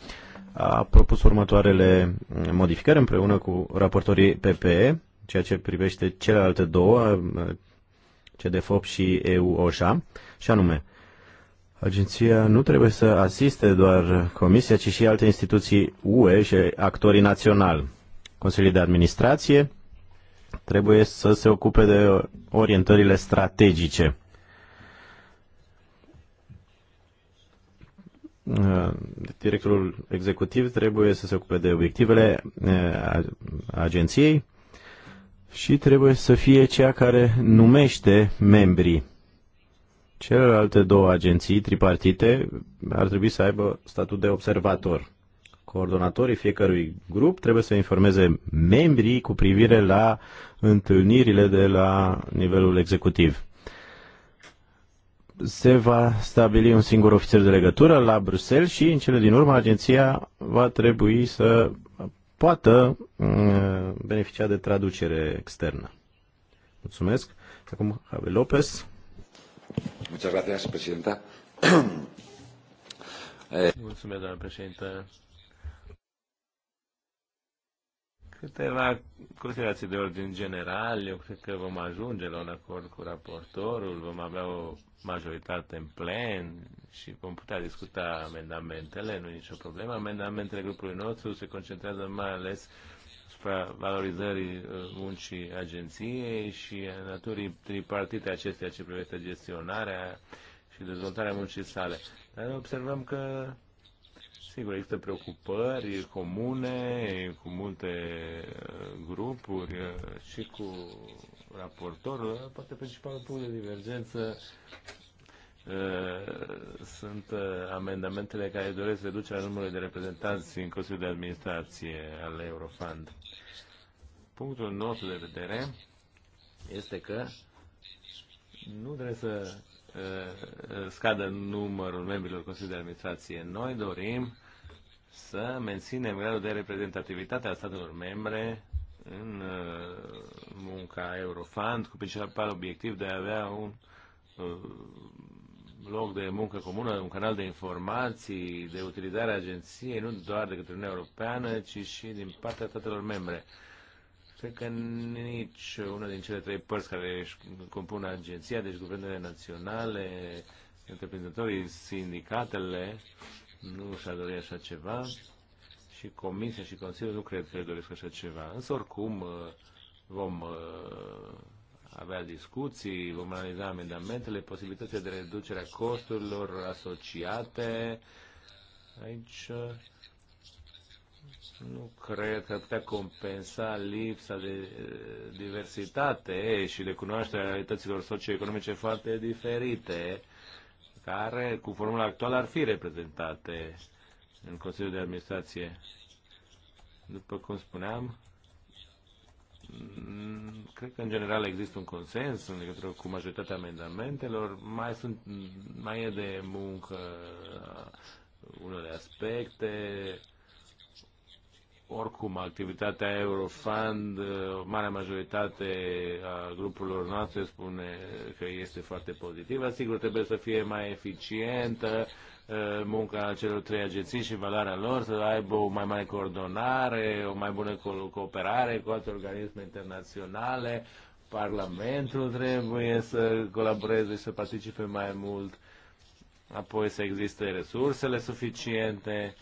A propus următoarele modificări împreună cu raportorii PPE, ceea ce privește celelalte două, CDFOP și EU-OSHA, și anume, agenția nu trebuie să asiste doar Comisia, ci și alte instituții UE și actorii naționali, Consiliul de Administrație, trebuie să se ocupe de orientările strategice. Uh, directorul executiv trebuie să se ocupe de obiectivele uh, agenției și trebuie să fie cea care numește membrii. Celelalte două agenții tripartite ar trebui să aibă statut de observator. Coordonatorii fiecărui grup trebuie să informeze membrii cu privire la întâlnirile de la nivelul executiv. Se va stabili un singur ofițer de legătură la Bruxelles și, în cele din urmă, agenția va trebui să poată mm, beneficia de traducere externă. Mulțumesc. Acum, Javi López. Muchas gracias, presidenta. Mulțumesc, doamnă președinte. Câteva considerații de ordin general, eu cred că vom ajunge la un acord cu raportorul, vom avea o majoritate în plen și vom putea discuta amendamentele, nu e nicio problemă. Amendamentele grupului nostru se concentrează mai ales asupra valorizării uh, muncii agenției și naturii tripartite acestea ce privește gestionarea și dezvoltarea muncii sale. Dar observăm că Sigur, există preocupări comune cu multe uh, grupuri uh, și cu raportorul. Poate principalul punct de divergență uh, sunt amendamentele care doresc reducerea numărului de reprezentanți în Consiliul de Administrație al Eurofund. Punctul nostru de vedere este că nu trebuie să scadă numărul membrilor Consiliului de Administrație. Noi dorim să menținem gradul de reprezentativitate a statelor membre în uh, munca Eurofund cu principal obiectiv de a avea un uh, loc de muncă comună, un canal de informații, de utilizare a agenției, nu doar de către Uniunea Europeană, ci și din partea statelor membre. Cred că nici una din cele trei părți care își compun agenția, deci guvernele naționale, întreprinzătorii, sindicatele, nu și-a dorit așa ceva și Comisia și Consiliul nu cred că doresc așa ceva. Însă, oricum, uh, vom uh, avea discuții, vom analiza amendamentele, posibilitățile de reducere a costurilor asociate. Aici uh, nu cred că putea compensa lipsa de diversitate și de cunoaștere a realităților socioeconomice foarte diferite care, cu formula actuală, ar fi reprezentate în Consiliul de Administrație. După cum spuneam, mm, cred că în general există un consens în legătură cu majoritatea amendamentelor. Mai, sunt, mai e de muncă unele aspecte, oricum, activitatea Eurofund, eh, marea majoritate a grupurilor noastre spune că este foarte pozitivă. Sigur, trebuie să fie mai eficientă eh, munca celor trei agenții și valoarea lor, să aibă o mai mare coordonare, o mai bună cooperare cu alte organisme internaționale, Parlamentul trebuie să colaboreze și să participe mai mult, apoi să existe resursele suficiente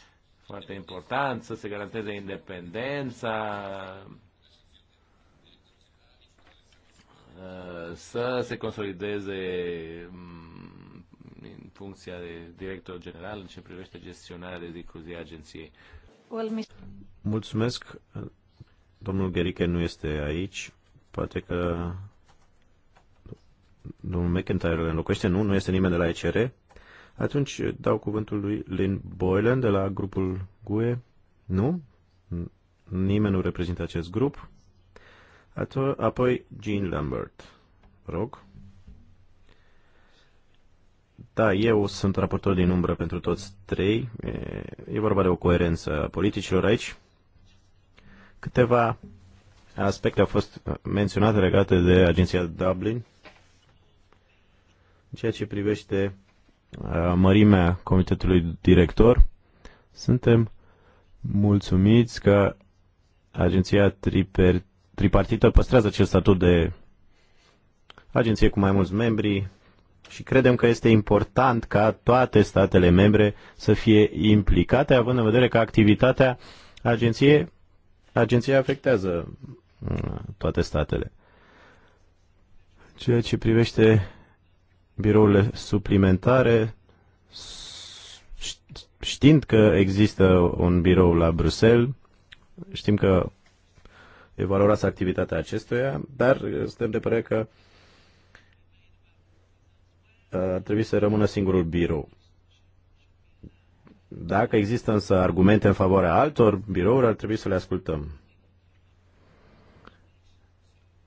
foarte important, să se garanteze independența, să se consolideze mm, în funcția de director general în ce privește gestionarea de zi cu zi agenției. Mulțumesc. Domnul Gherike nu este aici. Poate că domnul McIntyre îl înlocuiește. Nu, nu este nimeni de la ECR. Atunci dau cuvântul lui Lynn Boylan de la grupul GUE. Nu? Nimeni nu reprezintă acest grup. Ato- apoi Gene Lambert. Rog. Da, eu sunt raportor din umbră pentru toți trei. E, e vorba de o coerență a politicilor aici. Câteva aspecte au fost menționate legate de agenția Dublin, ceea ce privește Uh, mărimea comitetului director, suntem mulțumiți că agenția triper, tripartită păstrează acest statut de agenție cu mai mulți membri și credem că este important ca toate statele membre să fie implicate, având în vedere că activitatea agenției agenția afectează uh, toate statele. Ceea ce privește birourile suplimentare, știind că există un birou la Bruxelles, știm că e valoroasă activitatea acestuia, dar suntem de părere că ar trebui să rămână singurul birou. Dacă există însă argumente în favoarea altor birouri, ar trebui să le ascultăm.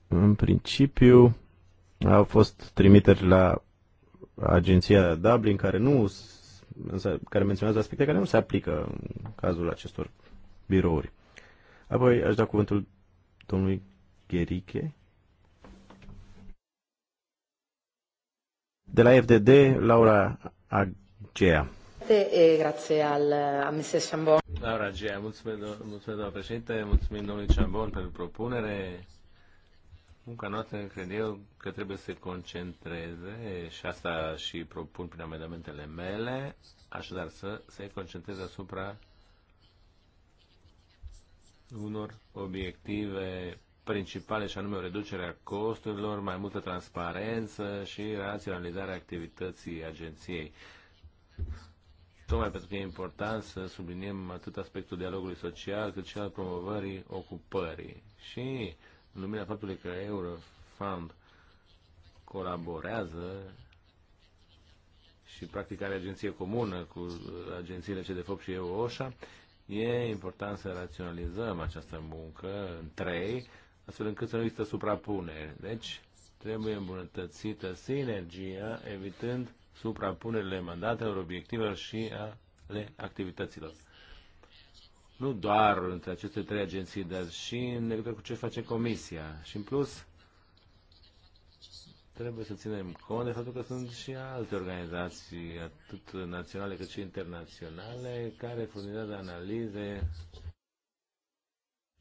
În principiu, au fost trimiteri la agenția Dublin, care nu care menționează aspecte care nu se aplică în cazul acestor birouri. Apoi aș da cuvântul domnului Gheriche. De la FDD, Laura Agea. Grazie al Mr. Chambon. Laura Agea, mulțumesc, mulțumesc doamna președinte, mulțumim domnului Ciambon pentru propunere munca noastră, cred eu, că trebuie să se concentreze, și asta și propun prin amendamentele mele, așadar să se concentreze asupra unor obiective principale, și anume reducerea costurilor, mai multă transparență și raționalizarea activității agenției. Tocmai pentru că e important să subliniem atât aspectul dialogului social, cât și al promovării ocupării. Și în lumina faptului că Eurofund colaborează și practic are agenție comună cu agențiile fapt și EU OSHA, e important să raționalizăm această muncă în trei, astfel încât să nu există suprapuneri. Deci, trebuie îmbunătățită sinergia, evitând suprapunerile mandatelor, obiectivelor și ale activităților nu doar între aceste trei agenții, dar și în legătură cu ce face Comisia. Și în plus, trebuie să ținem cont de faptul că sunt și alte organizații, atât naționale cât și internaționale, care furnizează analize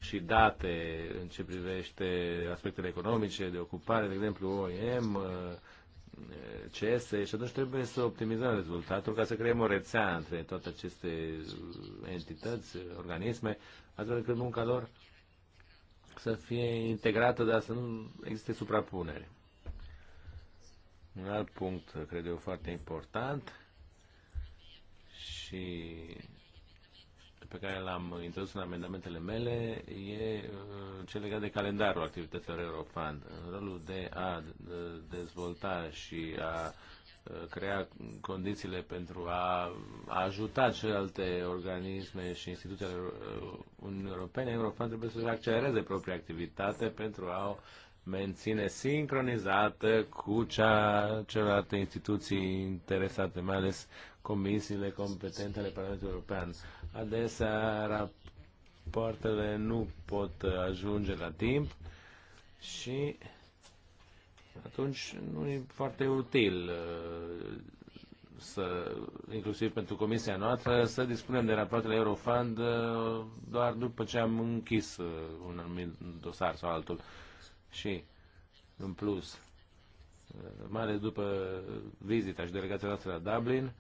și date în ce privește aspectele economice, de ocupare, de exemplu OIM, decese și atunci trebuie să optimizăm rezultatul ca să creăm o rețea între toate aceste entități, organisme, astfel încât munca lor să fie integrată, dar să nu existe suprapunere. Un alt punct, cred eu, foarte important și pe care l-am introdus în amendamentele mele e uh, cel legat de calendarul activităților Eurofund. În rolul de a uh, dezvolta și a uh, crea condițiile pentru a ajuta celelalte organisme și instituțiile Uniunii Europene, Eurofund trebuie să accelereze propria activitate pentru a o menține sincronizată cu cea, celelalte instituții interesate, mai ales comisiile competente ale Parlamentului European. Adesea rapoartele nu pot ajunge la timp și atunci nu e foarte util uh, să, inclusiv pentru comisia noastră, să dispunem de rapoartele Eurofund uh, doar după ce am închis uh, un anumit dosar sau altul. Și, în plus, mai ales după vizita și delegația noastră la Dublin,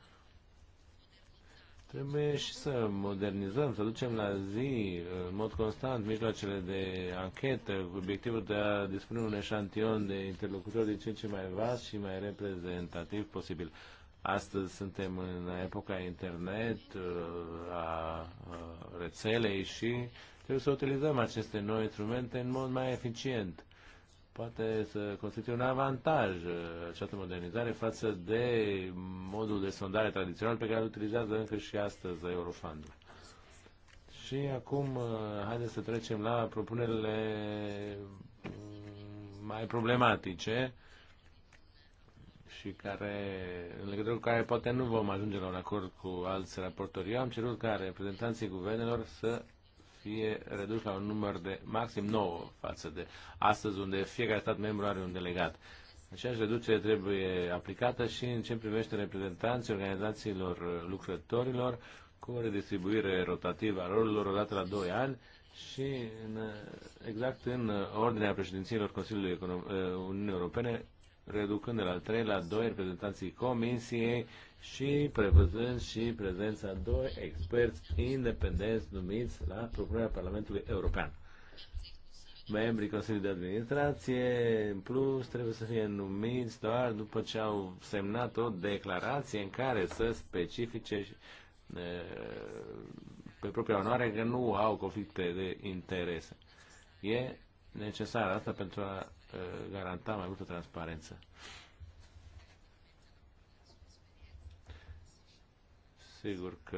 Trebuie și să modernizăm, să ducem la zi, în mod constant, mijloacele de anchetă, cu obiectivul de a dispune un eșantion de interlocutori din ce în ce mai vast și mai reprezentativ posibil. Astăzi suntem în epoca internet, uh, a rețelei și trebuie să utilizăm aceste noi instrumente în mod mai eficient poate să constituie un avantaj uh, această modernizare față de modul de sondare tradițional pe care îl utilizează încă și astăzi Eurofundul. Și acum uh, haideți să trecem la propunerile mm, mai problematice și care, în legătură cu care poate nu vom ajunge la un acord cu alți raportori. Eu am cerut ca reprezentanții guvernelor să fie redus la un număr de maxim 9 față de astăzi, unde fiecare stat membru are un delegat. Aceeași reducere trebuie aplicată și în ce privește reprezentanții organizațiilor lucrătorilor cu o redistribuire rotativă a rolurilor odată la 2 ani și în, exact în ordinea președinților Consiliului eh, Uniunii Europene, reducând de la 3 la 2 reprezentanții Comisiei și prevăzând și prezența doi experți independenți numiți la propunerea Parlamentului European. Membrii Consiliului de Administrație, în plus, trebuie să fie numiți doar după ce au semnat o declarație în care să specifice eh, pe propria onoare că nu au conflicte de interese. E necesar asta pentru a eh, garanta mai multă transparență. Sigur că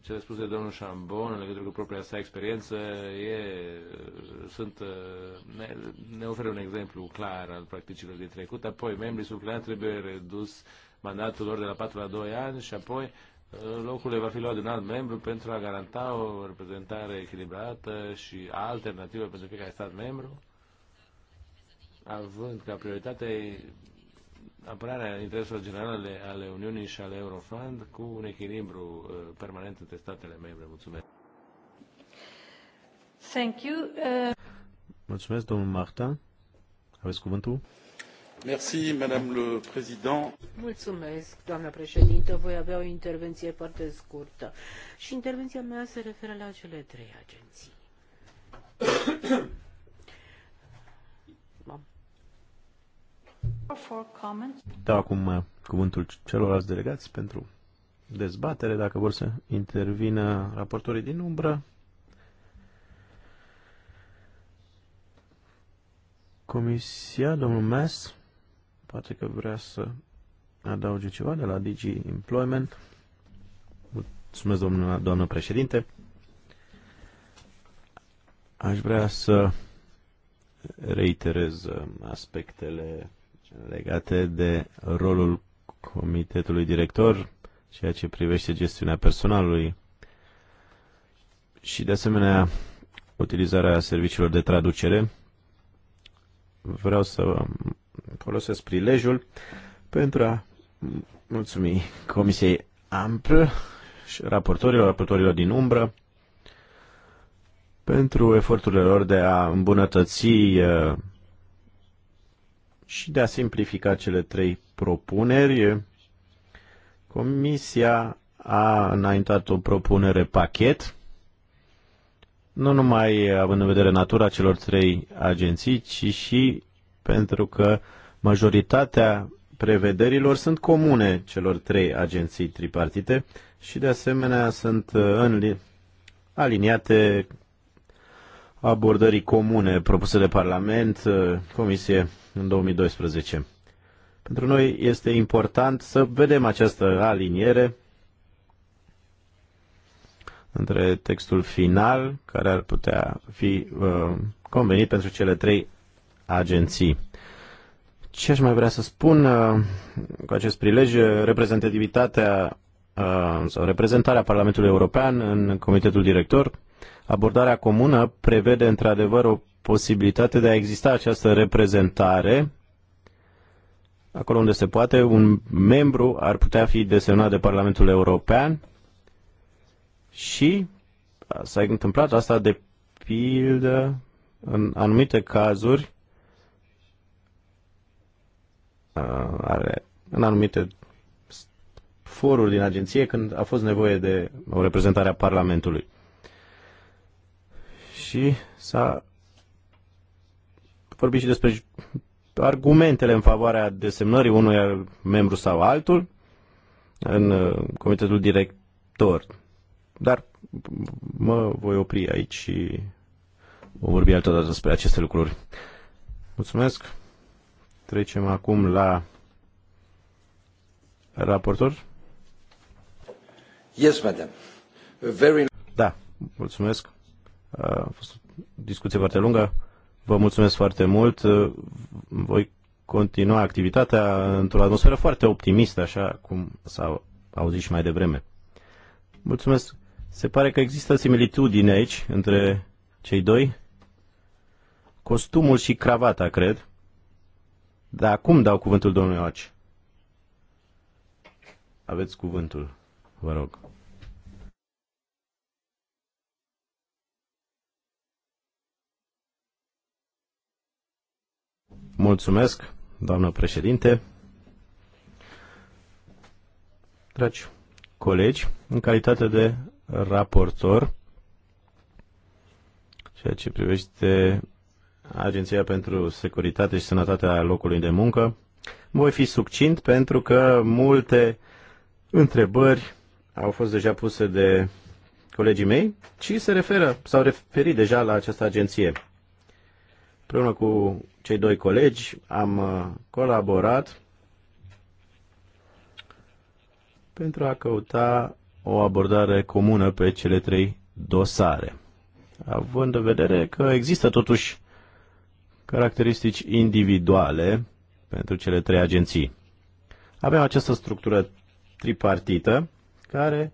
cele spuse de domnul Șambon în legătură cu propria sa experiență e, sunt, ne, ne oferă un exemplu clar al practicilor din trecut. Apoi, membrii supleanți trebuie redus mandatul lor de la 4 la 2 ani și apoi locul le va fi luat de un alt membru pentru a garanta o reprezentare echilibrată și alternativă pentru fiecare stat membru, având ca prioritate apărarea intereselor generale ale Uniunii și ale Eurofund cu un echilibru uh, permanent între statele membre. Mulțumesc. Thank you. Uh... Mulțumesc, domnul Marta. Aveți cuvântul? Merci, Madame le Président. Mulțumesc, doamna președintă. Voi avea o intervenție foarte scurtă. Și intervenția mea se referă la cele trei agenții. *coughs* Da, acum uh, cuvântul celorlalți delegați pentru dezbatere, dacă vor să intervină raportorii din umbră. Comisia, domnul Mes, poate că vrea să adauge ceva de la DG Employment. Mulțumesc, domnul, doamnă președinte. Aș vrea să reiterez uh, aspectele legate de rolul comitetului director, ceea ce privește gestiunea personalului și, de asemenea, utilizarea serviciilor de traducere. Vreau să folosesc prilejul pentru a mulțumi Comisiei Ampl și raportorilor, raportorilor din umbră, pentru eforturile lor de a îmbunătăți uh, și de a simplifica cele trei propuneri. Comisia a înaintat o propunere pachet, nu numai având în vedere natura celor trei agenții, ci și pentru că majoritatea prevederilor sunt comune celor trei agenții tripartite și de asemenea sunt uh, în aliniate abordării comune propuse de Parlament, uh, Comisie, în 2012. Pentru noi este important să vedem această aliniere între textul final, care ar putea fi uh, convenit pentru cele trei agenții. Ce aș mai vrea să spun uh, cu acest prilej? Reprezentativitatea uh, sau reprezentarea Parlamentului European în Comitetul Director Abordarea comună prevede într-adevăr o posibilitate de a exista această reprezentare. Acolo unde se poate, un membru ar putea fi desemnat de Parlamentul European și s-a întâmplat asta de pildă în anumite cazuri are în anumite foruri din agenție când a fost nevoie de o reprezentare a Parlamentului și s-a vorbit și despre argumentele în favoarea desemnării unui membru sau altul în uh, comitetul director. Dar mă voi opri aici și vom vorbi altădată despre aceste lucruri. Mulțumesc. Trecem acum la raportor. Yes, madam. Very... Da, mulțumesc. A fost o discuție foarte lungă. Vă mulțumesc foarte mult. Voi continua activitatea într-o atmosferă foarte optimistă, așa cum s-a auzit și mai devreme. Mulțumesc. Se pare că există similitudine aici între cei doi. Costumul și cravata, cred. Dar acum dau cuvântul domnului Oaci. Aveți cuvântul, vă rog. Mulțumesc, doamnă președinte. Dragi colegi, în calitate de raportor, ceea ce privește Agenția pentru Securitate și Sănătatea Locului de Muncă, voi fi succint pentru că multe întrebări au fost deja puse de colegii mei și se referă, s-au referit deja la această agenție. Împreună cu cei doi colegi am uh, colaborat pentru a căuta o abordare comună pe cele trei dosare. Având în vedere că există totuși caracteristici individuale pentru cele trei agenții. Avem această structură tripartită care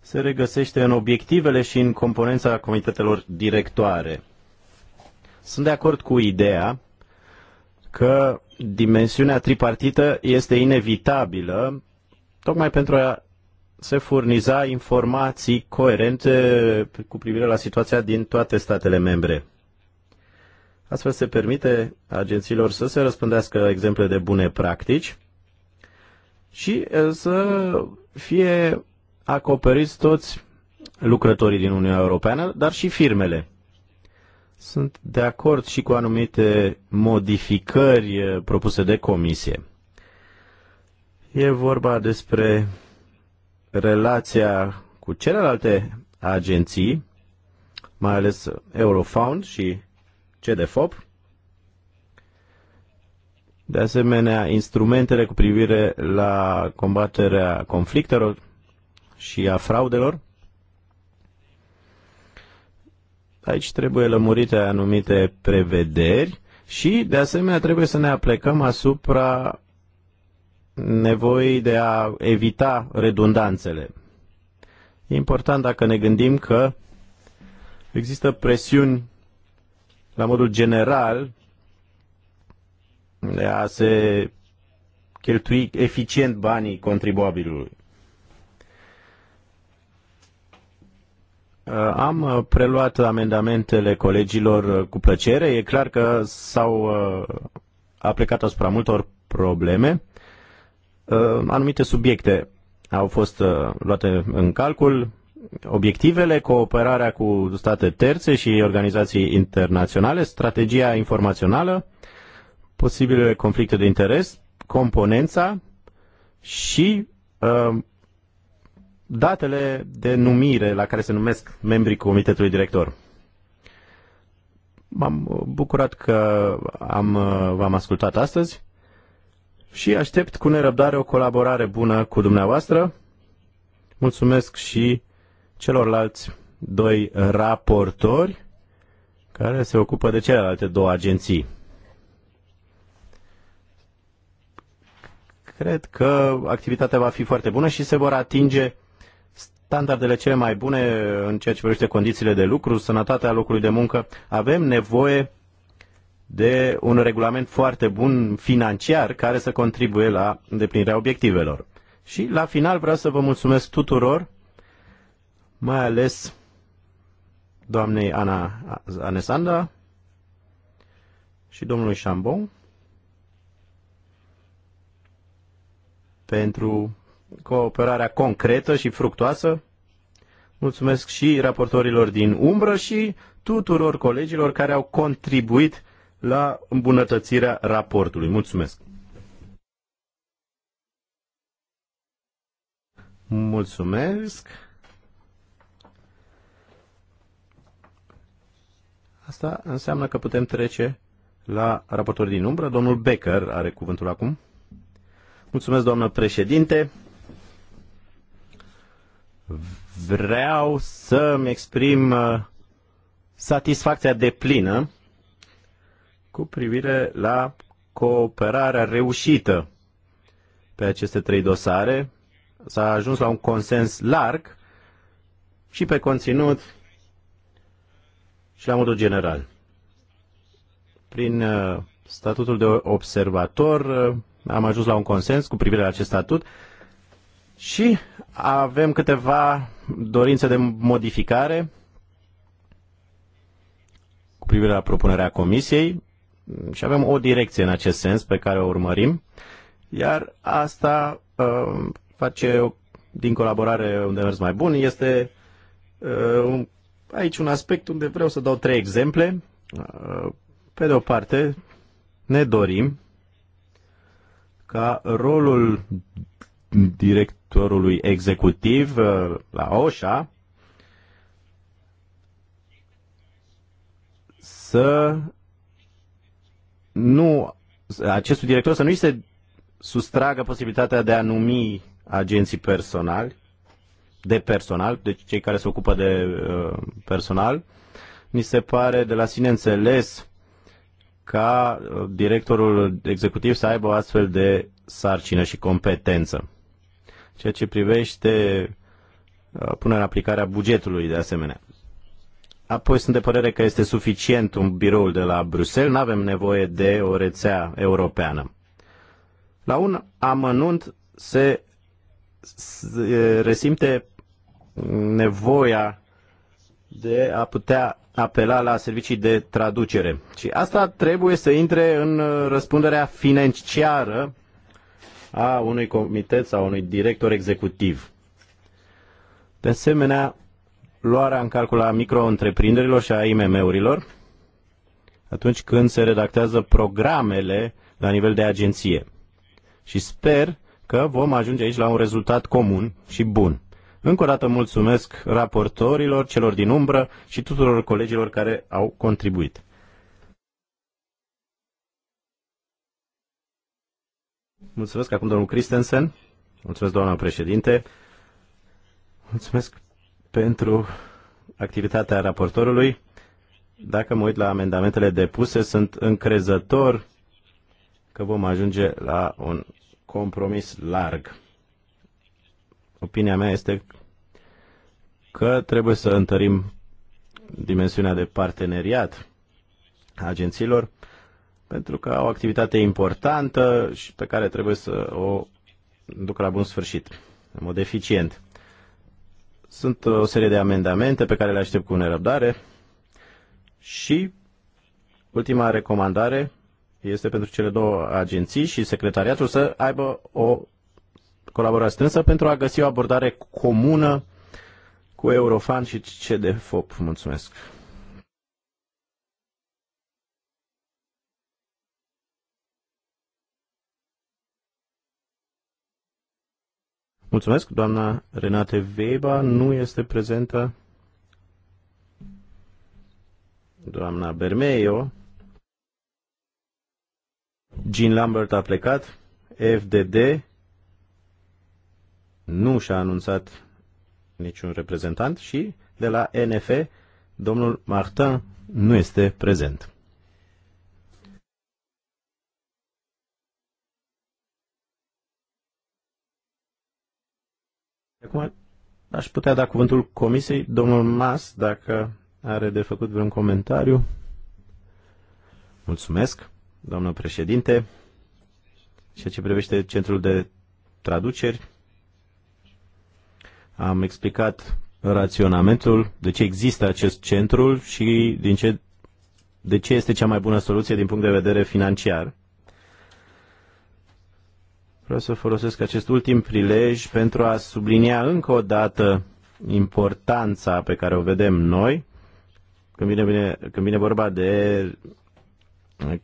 se regăsește în obiectivele și în componența comitetelor directoare. Sunt de acord cu ideea că dimensiunea tripartită este inevitabilă tocmai pentru a se furniza informații coerente cu privire la situația din toate statele membre. Astfel se permite agențiilor să se răspândească exemple de bune practici și să fie acoperiți toți lucrătorii din Uniunea Europeană, dar și firmele. Sunt de acord și cu anumite modificări eh, propuse de comisie. E vorba despre relația cu celelalte agenții, mai ales Eurofound și CDFOP. De asemenea, instrumentele cu privire la combaterea conflictelor și a fraudelor. Aici trebuie lămurite anumite prevederi și, de asemenea, trebuie să ne aplecăm asupra nevoii de a evita redundanțele. E important dacă ne gândim că există presiuni la modul general de a se cheltui eficient banii contribuabilului. Uh, am uh, preluat amendamentele colegilor uh, cu plăcere. E clar că s-au aplicat asupra multor probleme. Anumite subiecte au fost luate în calcul. Obiectivele, cooperarea cu state terțe și organizații internaționale, strategia informațională, posibile conflicte de interes, componența și datele de numire la care se numesc membrii comitetului director. M-am uh, bucurat că am, uh, v-am ascultat astăzi și aștept cu nerăbdare o colaborare bună cu dumneavoastră. Mulțumesc și celorlalți doi raportori care se ocupă de celelalte două agenții. Cred că activitatea va fi foarte bună și se vor atinge standardele cele mai bune în ceea ce privește condițiile de lucru, sănătatea locului de muncă. Avem nevoie de un regulament foarte bun financiar care să contribuie la îndeplinirea obiectivelor. Și la final vreau să vă mulțumesc tuturor, mai ales doamnei Ana Anesanda și domnului Șambon pentru cooperarea concretă și fructoasă. Mulțumesc și raportorilor din umbră și tuturor colegilor care au contribuit la îmbunătățirea raportului. Mulțumesc! Mulțumesc! Asta înseamnă că putem trece la raportorii din umbră. Domnul Becker are cuvântul acum. Mulțumesc, doamnă președinte. Vreau să-mi exprim uh, satisfacția deplină cu privire la cooperarea reușită pe aceste trei dosare. S-a ajuns la un consens larg și pe conținut și la modul general. Prin uh, statutul de observator uh, am ajuns la un consens cu privire la acest statut și avem câteva dorințe de modificare cu privire la propunerea Comisiei și avem o direcție în acest sens pe care o urmărim, iar asta uh, face din colaborare unde mers mai bun. Este uh, aici un aspect unde vreau să dau trei exemple. Uh, pe de o parte, ne dorim ca rolul directorului executiv uh, la OSHA să nu acestui director să nu îi se sustragă posibilitatea de a numi agenții personali, de personal, deci cei care se ocupă de uh, personal. Mi se pare de la sine înțeles ca uh, directorul executiv să aibă o astfel de sarcină și competență ceea ce privește uh, punerea în aplicare a bugetului de asemenea. Apoi sunt de părere că este suficient un biroul de la Bruxelles, nu avem nevoie de o rețea europeană. La un amănunt se resimte nevoia de a putea apela la servicii de traducere. Și asta trebuie să intre în uh, răspunderea financiară a unui comitet sau a unui director executiv. De asemenea, luarea în calcul a micro-întreprinderilor și a IMM-urilor atunci când se redactează programele la nivel de agenție. Și sper că vom ajunge aici la un rezultat comun și bun. Încă o dată mulțumesc raportorilor, celor din umbră și tuturor colegilor care au contribuit. Mulțumesc acum domnul Christensen. Mulțumesc doamna președinte. Mulțumesc pentru activitatea raportorului. Dacă mă uit la amendamentele depuse, sunt încrezător că vom ajunge la un compromis larg. Opinia mea este că trebuie să întărim dimensiunea de parteneriat a agențiilor pentru că au o activitate importantă și pe care trebuie să o ducă la bun sfârșit, în mod eficient. Sunt o serie de amendamente pe care le aștept cu nerăbdare și ultima recomandare este pentru cele două agenții și secretariatul să aibă o colaborare strânsă pentru a găsi o abordare comună cu Eurofan și CDFOP. Mulțumesc! Mulțumesc, doamna Renate Weber nu este prezentă. Doamna Bermeio. Jean Lambert a plecat. FDD nu și-a anunțat niciun reprezentant și de la NF domnul Martin nu este prezent. Acum aș putea da cuvântul comisiei, domnul Mas, dacă are de făcut vreun comentariu. Mulțumesc, domnul președinte. Ceea ce privește centrul de traduceri, am explicat raționamentul, de ce există acest centru și din ce, de ce este cea mai bună soluție din punct de vedere financiar. Vreau să folosesc acest ultim prilej pentru a sublinia încă o dată importanța pe care o vedem noi când vine, vine, când vine vorba de uh,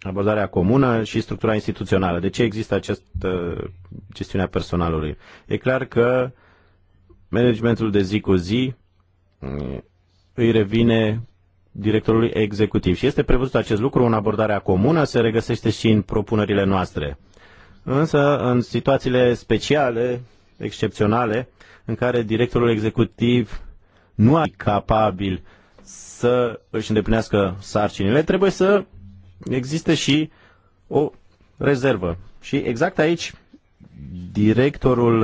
abordarea comună și structura instituțională. De ce există această gestiunea personalului? E clar că managementul de zi cu zi uh, îi revine directorului executiv. Și este prevăzut acest lucru în abordarea comună, se regăsește și în propunerile noastre. Însă, în situațiile speciale, excepționale, în care directorul executiv nu e capabil să își îndeplinească sarcinile, trebuie să existe și o rezervă. Și exact aici directorul,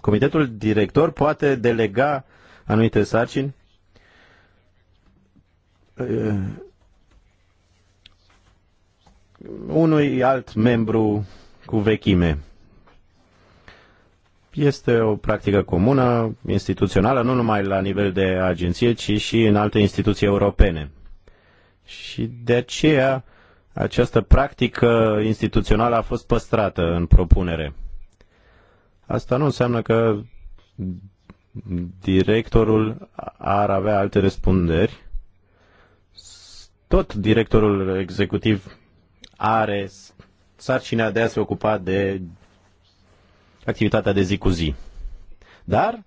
comitetul director poate delega anumite sarcini Eh, unui alt membru cu vechime. Este o practică comună, instituțională, nu numai la nivel de agenție, ci și în alte instituții europene. Și de aceea această practică instituțională a fost păstrată în propunere. Asta nu înseamnă că directorul ar avea alte răspunderi, tot directorul executiv are sarcina de a se ocupa de activitatea de zi cu zi. Dar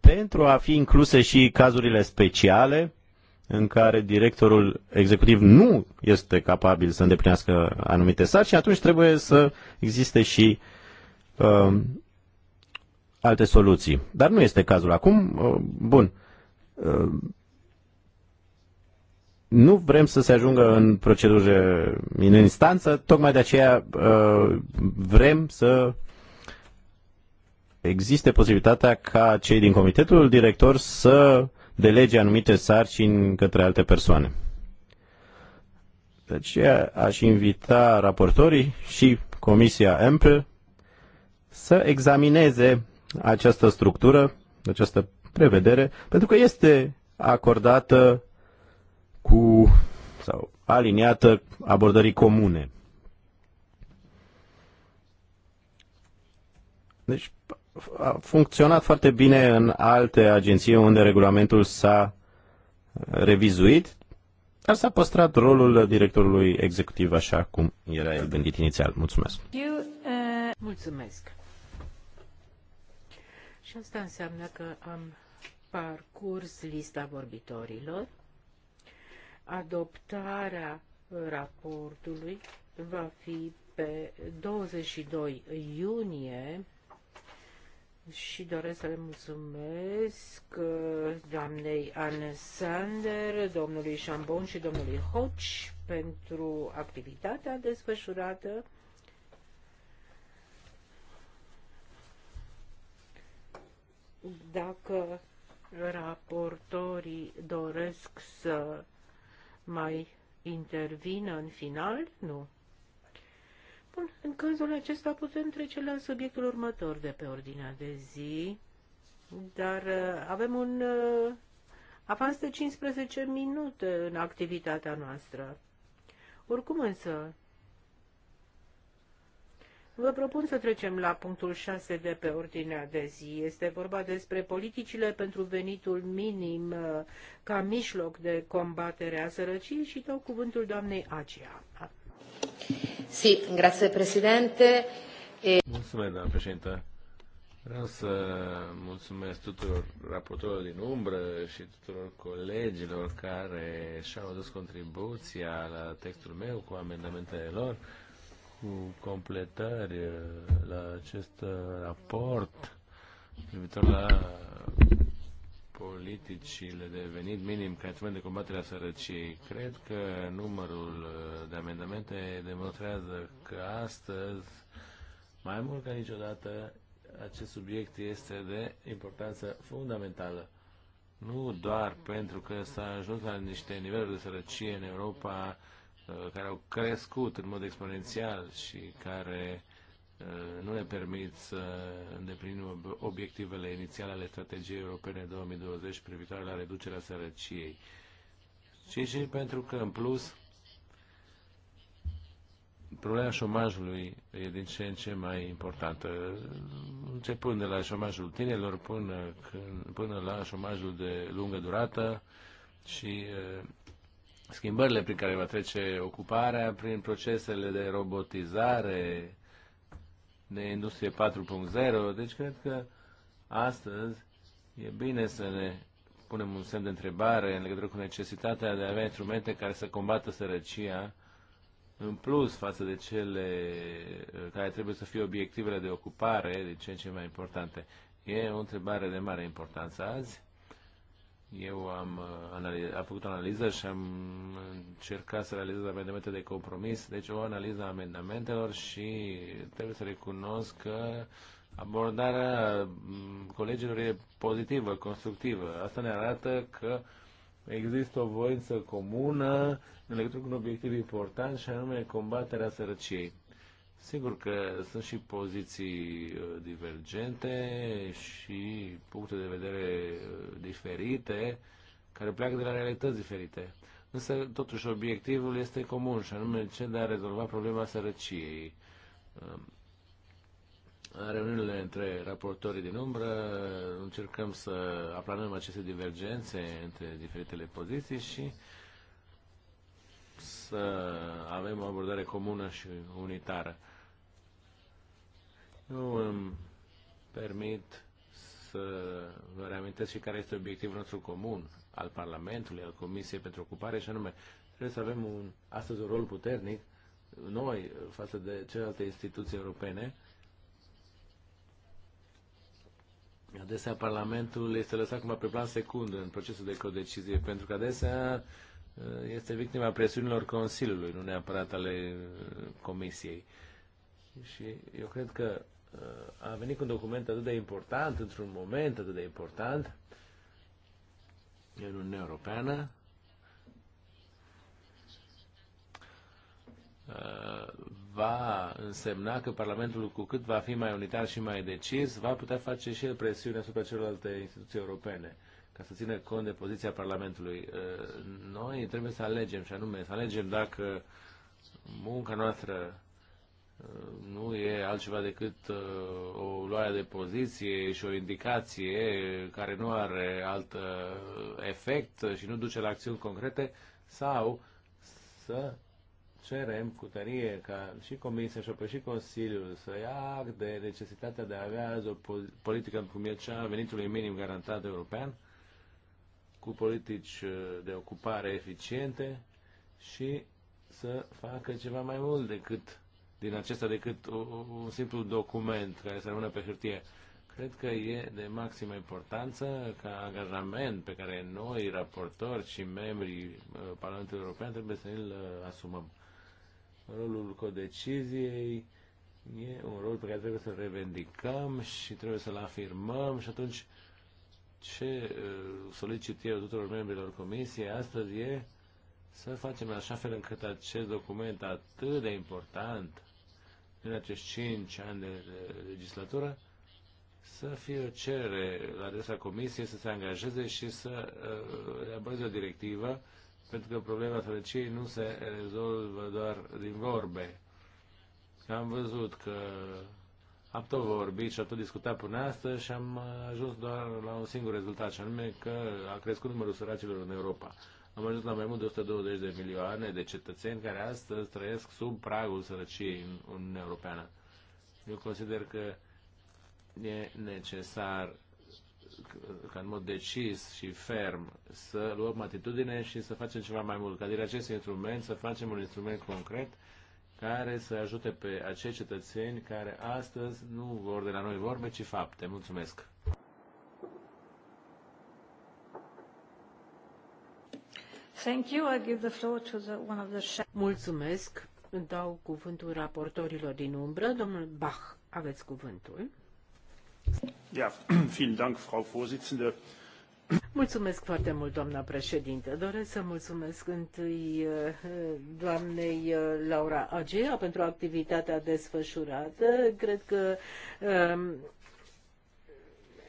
pentru a fi incluse și cazurile speciale în care directorul executiv nu este capabil să îndeplinească anumite sarcini, atunci trebuie să existe și uh, alte soluții. Dar nu este cazul acum. Uh, bun. Uh, nu vrem să se ajungă în proceduri în instanță, tocmai de aceea uh, vrem să existe posibilitatea ca cei din comitetul director să delege anumite sarcini către alte persoane. De deci, aceea aș invita raportorii și Comisia EMPRE să examineze această structură, această prevedere, pentru că este acordată cu sau aliniată abordării comune. Deci a funcționat foarte bine în alte agenții unde regulamentul s-a revizuit, dar s-a păstrat rolul directorului executiv așa cum era el gândit inițial. Mulțumesc! Eu, uh... Mulțumesc! Și asta înseamnă că am parcurs lista vorbitorilor. Adoptarea raportului va fi pe 22 iunie și doresc să le mulțumesc uh, doamnei Anne Sander, domnului Șambon și domnului Hoci pentru activitatea desfășurată. Dacă raportorii doresc să mai intervină în final? Nu. Bun, în cazul acesta putem trece la subiectul următor de pe ordinea de zi, dar uh, avem un uh, avans de 15 minute în activitatea noastră. Oricum însă, Vă propun să trecem la punctul 6 de pe ordinea de zi. Este vorba despre politicile pentru venitul minim uh, ca mijloc de combatere a sărăciei și dau cuvântul doamnei Agia. Si, grazie, președinte. Eh, mulțumesc, doamnă președinte. Vreau să mulțumesc tuturor raportorilor din umbră și tuturor colegilor care și-au adus contribuția la textul meu cu amendamentele lor cu completări uh, la acest uh, raport privitor la politicile de venit minim ca instrument de combatere a sărăciei. Cred că numărul uh, de amendamente demonstrează că astăzi, mai mult ca niciodată, acest subiect este de importanță fundamentală. Nu doar pentru că s-a ajuns la niște niveluri de sărăcie în Europa Uh, care au crescut în mod exponențial și care uh, nu ne permit să îndeplinim obiectivele inițiale ale strategiei europene 2020 privitoare la reducerea sărăciei. Și și pentru că, în plus, problema șomajului e din ce în ce mai importantă, începând de la șomajul tinerilor până, până la șomajul de lungă durată și uh, schimbările prin care va trece ocuparea, prin procesele de robotizare, de industrie 4.0. Deci cred că astăzi e bine să ne punem un semn de întrebare în legătură cu necesitatea de a avea instrumente care să combată sărăcia în plus față de cele uh, care trebuie să fie obiectivele de ocupare, de ce în ce mai importante. E o întrebare de mare importanță azi eu am, uh, am făcut o analiză și am încercat să realizez amendamente de compromis, deci o analiză a amendamentelor și trebuie să recunosc că abordarea mm, colegilor e pozitivă, constructivă. Asta ne arată că există o voință comună în legătură cu un obiectiv important și anume combaterea sărăciei. Sigur că sunt și poziții uh, divergente și puncte de vedere uh, diferite, care pleacă de la realități diferite. Însă, totuși, obiectivul este comun, și anume cel de a rezolva problema sărăciei. În um, reuniunile între raportorii din umbră încercăm să aplanăm aceste divergențe între diferitele poziții și să avem o abordare comună și unitară. nu îmi permit să vă reamintesc și care este obiectivul nostru comun al Parlamentului, al Comisiei pentru Ocupare și anume trebuie să avem un, astăzi un rol puternic noi față de celelalte instituții europene Adesea Parlamentul este lăsat cumva pe plan secund în procesul de codecizie, pentru că adesea Uh, este victima presiunilor Consiliului, nu neapărat ale uh, Comisiei. Și eu cred că uh, a venit cu un document atât de important, într-un moment atât de important, în Uniunea Europeană, va însemna că Parlamentul, cu cât va fi mai unitar și mai decis, va putea face și el presiune asupra celorlalte instituții europene ca să țină cont de poziția Parlamentului. Uh, noi trebuie să alegem, și anume să alegem dacă munca noastră uh, nu e altceva decât uh, o luare de poziție și o indicație care nu are alt efect și nu duce la acțiuni concrete, sau să cerem cu tărie ca și Comisia și și Consiliul să ia de necesitatea de a avea azi o politică cum e cea venitului minim garantat european, cu politici uh, de ocupare eficiente și să facă ceva mai mult decât din acesta decât un simplu document care să rămână pe hârtie. Cred că e de maximă importanță ca angajament pe care noi, raportori și membrii uh, Parlamentului European, trebuie să îl uh, asumăm. Rolul codeciziei e un rol pe care trebuie să-l revendicăm și trebuie să-l afirmăm și atunci ce uh, solicit eu tuturor membrilor comisiei astăzi e să facem așa fel încât acest document atât de important în acești cinci ani de legislatură să fie o cerere la adresa comisiei să se angajeze și să uh, elaboreze o directivă pentru că problema sărăciei nu se rezolvă doar din vorbe. Am văzut că am tot vorbit și am tot discutat până astăzi și am ajuns doar la un singur rezultat, și anume că a crescut numărul săracilor în Europa. Am ajuns la mai mult de 120 de milioane de cetățeni care astăzi trăiesc sub pragul sărăciei în Uniunea Europeană. Eu consider că e necesar ca în mod decis și ferm să luăm atitudine și să facem ceva mai mult. Ca din acest instrument să facem un instrument concret care să ajute pe acei cetățeni care astăzi nu vor de la noi vorbe, ci fapte. Mulțumesc! Thank you. I give the floor to the, one of the... Mulțumesc. Dau cuvântul raportorilor din umbră. Domnul Bach, aveți cuvântul. Ja, *clears throat* vielen Dank, Frau Vorsitzende. Mulțumesc foarte mult, doamna președinte. Doresc să mulțumesc întâi eh, doamnei eh, Laura Agea pentru activitatea desfășurată. Cred că um,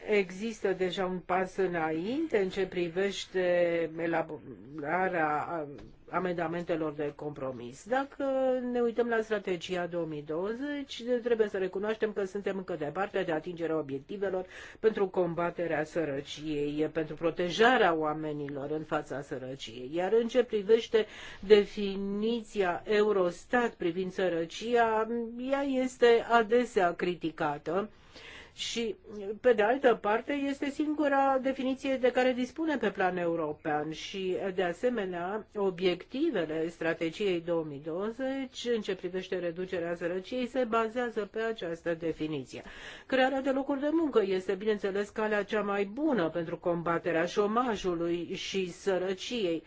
există deja un pas înainte în ce privește elaborarea amendamentelor de compromis. Dacă ne uităm la strategia 2020, trebuie să recunoaștem că suntem încă departe de atingerea obiectivelor pentru combaterea sărăciei, pentru protejarea oamenilor în fața sărăciei. Iar în ce privește definiția Eurostat privind sărăcia, ea este adesea criticată și, pe de altă parte, este singura definiție de care dispune pe plan european și, de asemenea, obiectivele strategiei 2020 în ce privește reducerea sărăciei se bazează pe această definiție. Crearea de locuri de muncă este, bineînțeles, calea cea mai bună pentru combaterea șomajului și sărăciei,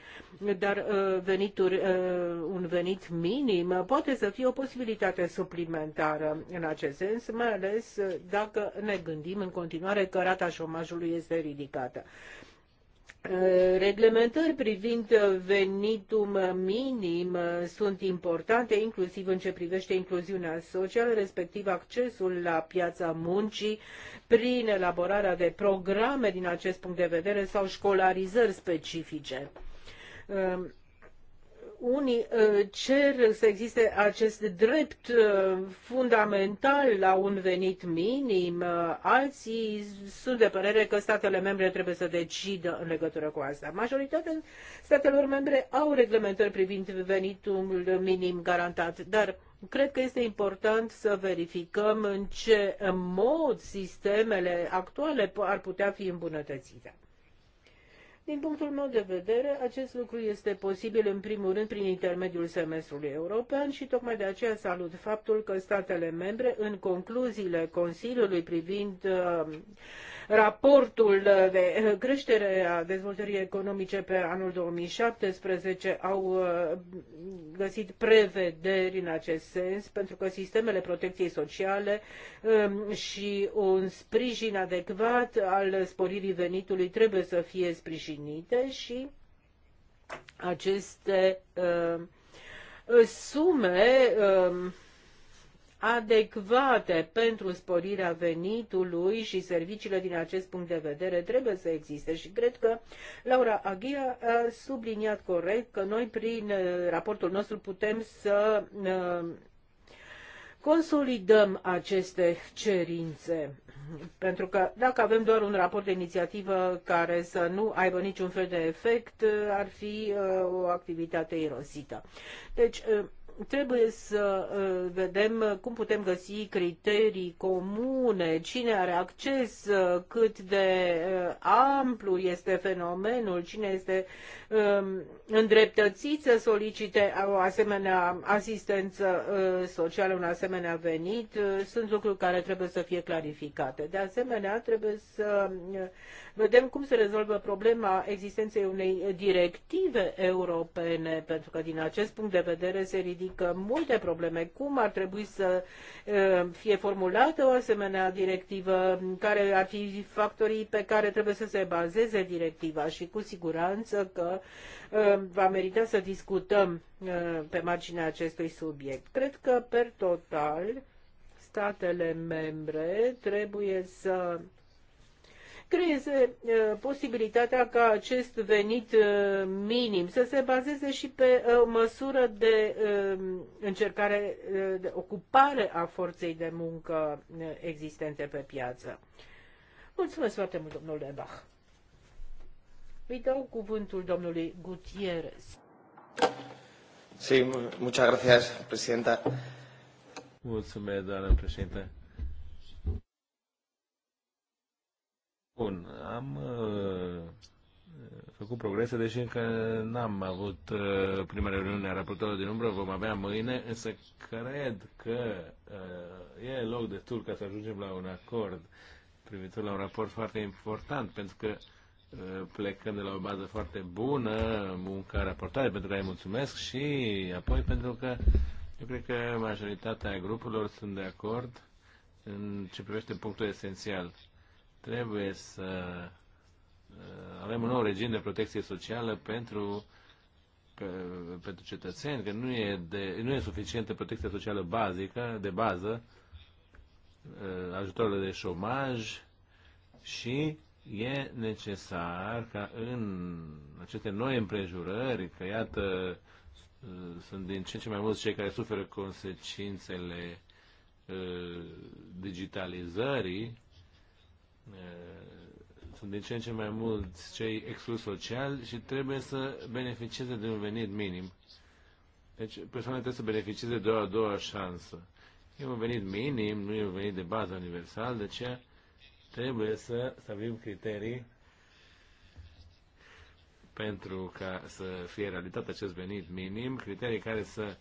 dar uh, venituri, uh, un venit minim poate să fie o posibilitate suplimentară în acest sens, mai ales uh, dacă ne gândim în continuare că rata șomajului este ridicată. Reglementări privind venitul minim sunt importante, inclusiv în ce privește incluziunea socială, respectiv accesul la piața muncii, prin elaborarea de programe din acest punct de vedere sau școlarizări specifice unii uh, cer să existe acest drept uh, fundamental la un venit minim, uh, alții sunt de părere că statele membre trebuie să decidă în legătură cu asta. Majoritatea statelor membre au reglementări privind venitul minim garantat, dar cred că este important să verificăm în ce mod sistemele actuale ar putea fi îmbunătățite. Din punctul meu de vedere, acest lucru este posibil în primul rând prin intermediul semestrului european și tocmai de aceea salut faptul că statele membre în concluziile Consiliului privind uh, raportul de creștere a dezvoltării economice pe anul 2017 au uh, găsit prevederi în acest sens, pentru că sistemele protecției sociale um, și un sprijin adecvat al sporirii venitului trebuie să fie sprijinite și aceste um, sume um, adecvate pentru sporirea venitului și serviciile din acest punct de vedere trebuie să existe și cred că Laura Aghia a subliniat corect că noi prin uh, raportul nostru putem să uh, consolidăm aceste cerințe. Pentru că dacă avem doar un raport de inițiativă care să nu aibă niciun fel de efect, uh, ar fi o activitate irosită. Deci, trebuie să uh, vedem uh, cum putem găsi criterii comune, cine are acces, uh, cât de amplu este fenomenul, cine este um, îndreptățit să solicite o asemenea asistență socială, un asemenea venit. Sunt lucruri care trebuie să fie clarificate. De asemenea, trebuie să vedem cum se rezolvă problema existenței unei directive europene, pentru că din acest punct de vedere se ridică ridică multe probleme. Cum ar trebui să fie formulată o asemenea directivă, care ar fi factorii pe care trebuie să se bazeze directiva și cu siguranță că va merita să discutăm pe marginea acestui subiect. Cred că, per total, statele membre trebuie să creeze uh, posibilitatea ca acest venit uh, minim să se bazeze și pe uh, o măsură de încercare de ocupare a forței de muncă existente pe piață. Mulțumesc foarte mult, domnul Lebach. Îi dau cuvântul domnului Gutierrez. Sí, muchas gracias, presidenta. Mulțumesc, doamnă președinte. Bun, am uh, făcut progrese, deși încă n-am avut uh, prima reuniune a raportorului din umbră, vom avea mâine, însă cred că uh, e loc tur ca să ajungem la un acord privitor la un raport foarte important, pentru că uh, plecăm de la o bază foarte bună, munca raportare pentru că îi mulțumesc și apoi pentru că eu cred că majoritatea grupurilor sunt de acord în ce privește punctul esențial. Trebuie să uh, avem un nou regim de protecție socială pentru, pentru cetățeni, că nu e, de, nu e suficientă protecția socială bazică, de bază, uh, ajutorul de șomaj și e necesar ca în aceste noi împrejurări, că iată, uh, sunt din ce în ce mai mulți cei care suferă consecințele digitalizării, Eh, sunt din ce în ce mai mulți cei exclus social și trebuie să beneficieze de un venit minim. Deci persoanele trebuie să beneficieze de o a doua șansă. E un venit minim, nu e un venit de bază universal, de ce trebuie să stabilim criterii pentru ca să fie realitate acest venit minim, criterii care să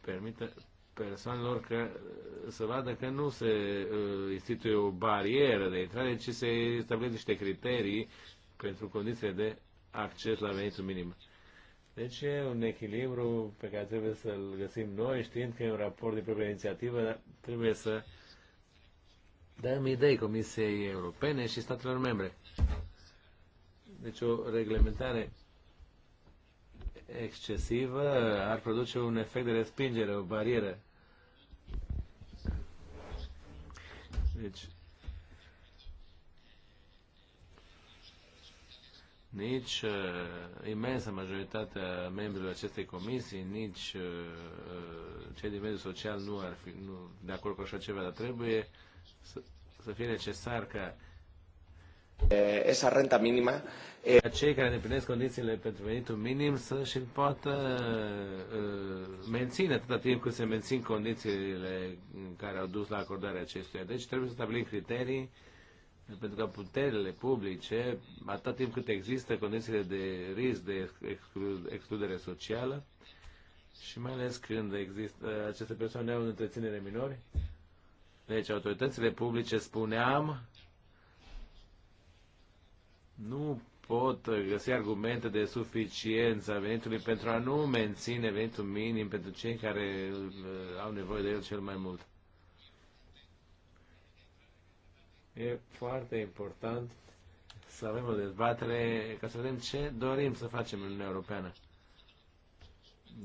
permită persoanelor că să vadă că nu se uh, instituie o barieră de intrare, ci se stabilesc niște criterii pentru condițiile de acces la venitul minim. Deci e un echilibru pe care trebuie să-l găsim noi, știind că e un raport de proprie inițiativă, dar trebuie să dăm idei Comisiei Europene și statelor membre. Deci o reglementare excesivă ar produce un efect de respingere, o barieră. Deci, nici uh, imensa majoritatea membrilor acestei comisii, nici uh, uh, cei din mediul social nu ar fi nu, de acord cu așa ceva, dar trebuie să, să fie necesar ca Eh, esa renta minima eh, cei care îndeplinesc condițiile pentru venitul minim să și poată eh, menține atâta timp cât se mențin condițiile care au dus la acordarea acestuia. Deci trebuie să stabilim criterii pentru ca puterile publice, atâta timp cât există condițiile de risc, de excludere socială, și mai ales când există aceste persoane au întreținere minori, deci autoritățile publice, spuneam, nu pot găsi argumente de suficiență a venitului pentru a nu menține venitul minim pentru cei care uh, au nevoie de el cel mai mult. E foarte important să avem o dezbatere ca să vedem ce dorim să facem în Uniunea Europeană.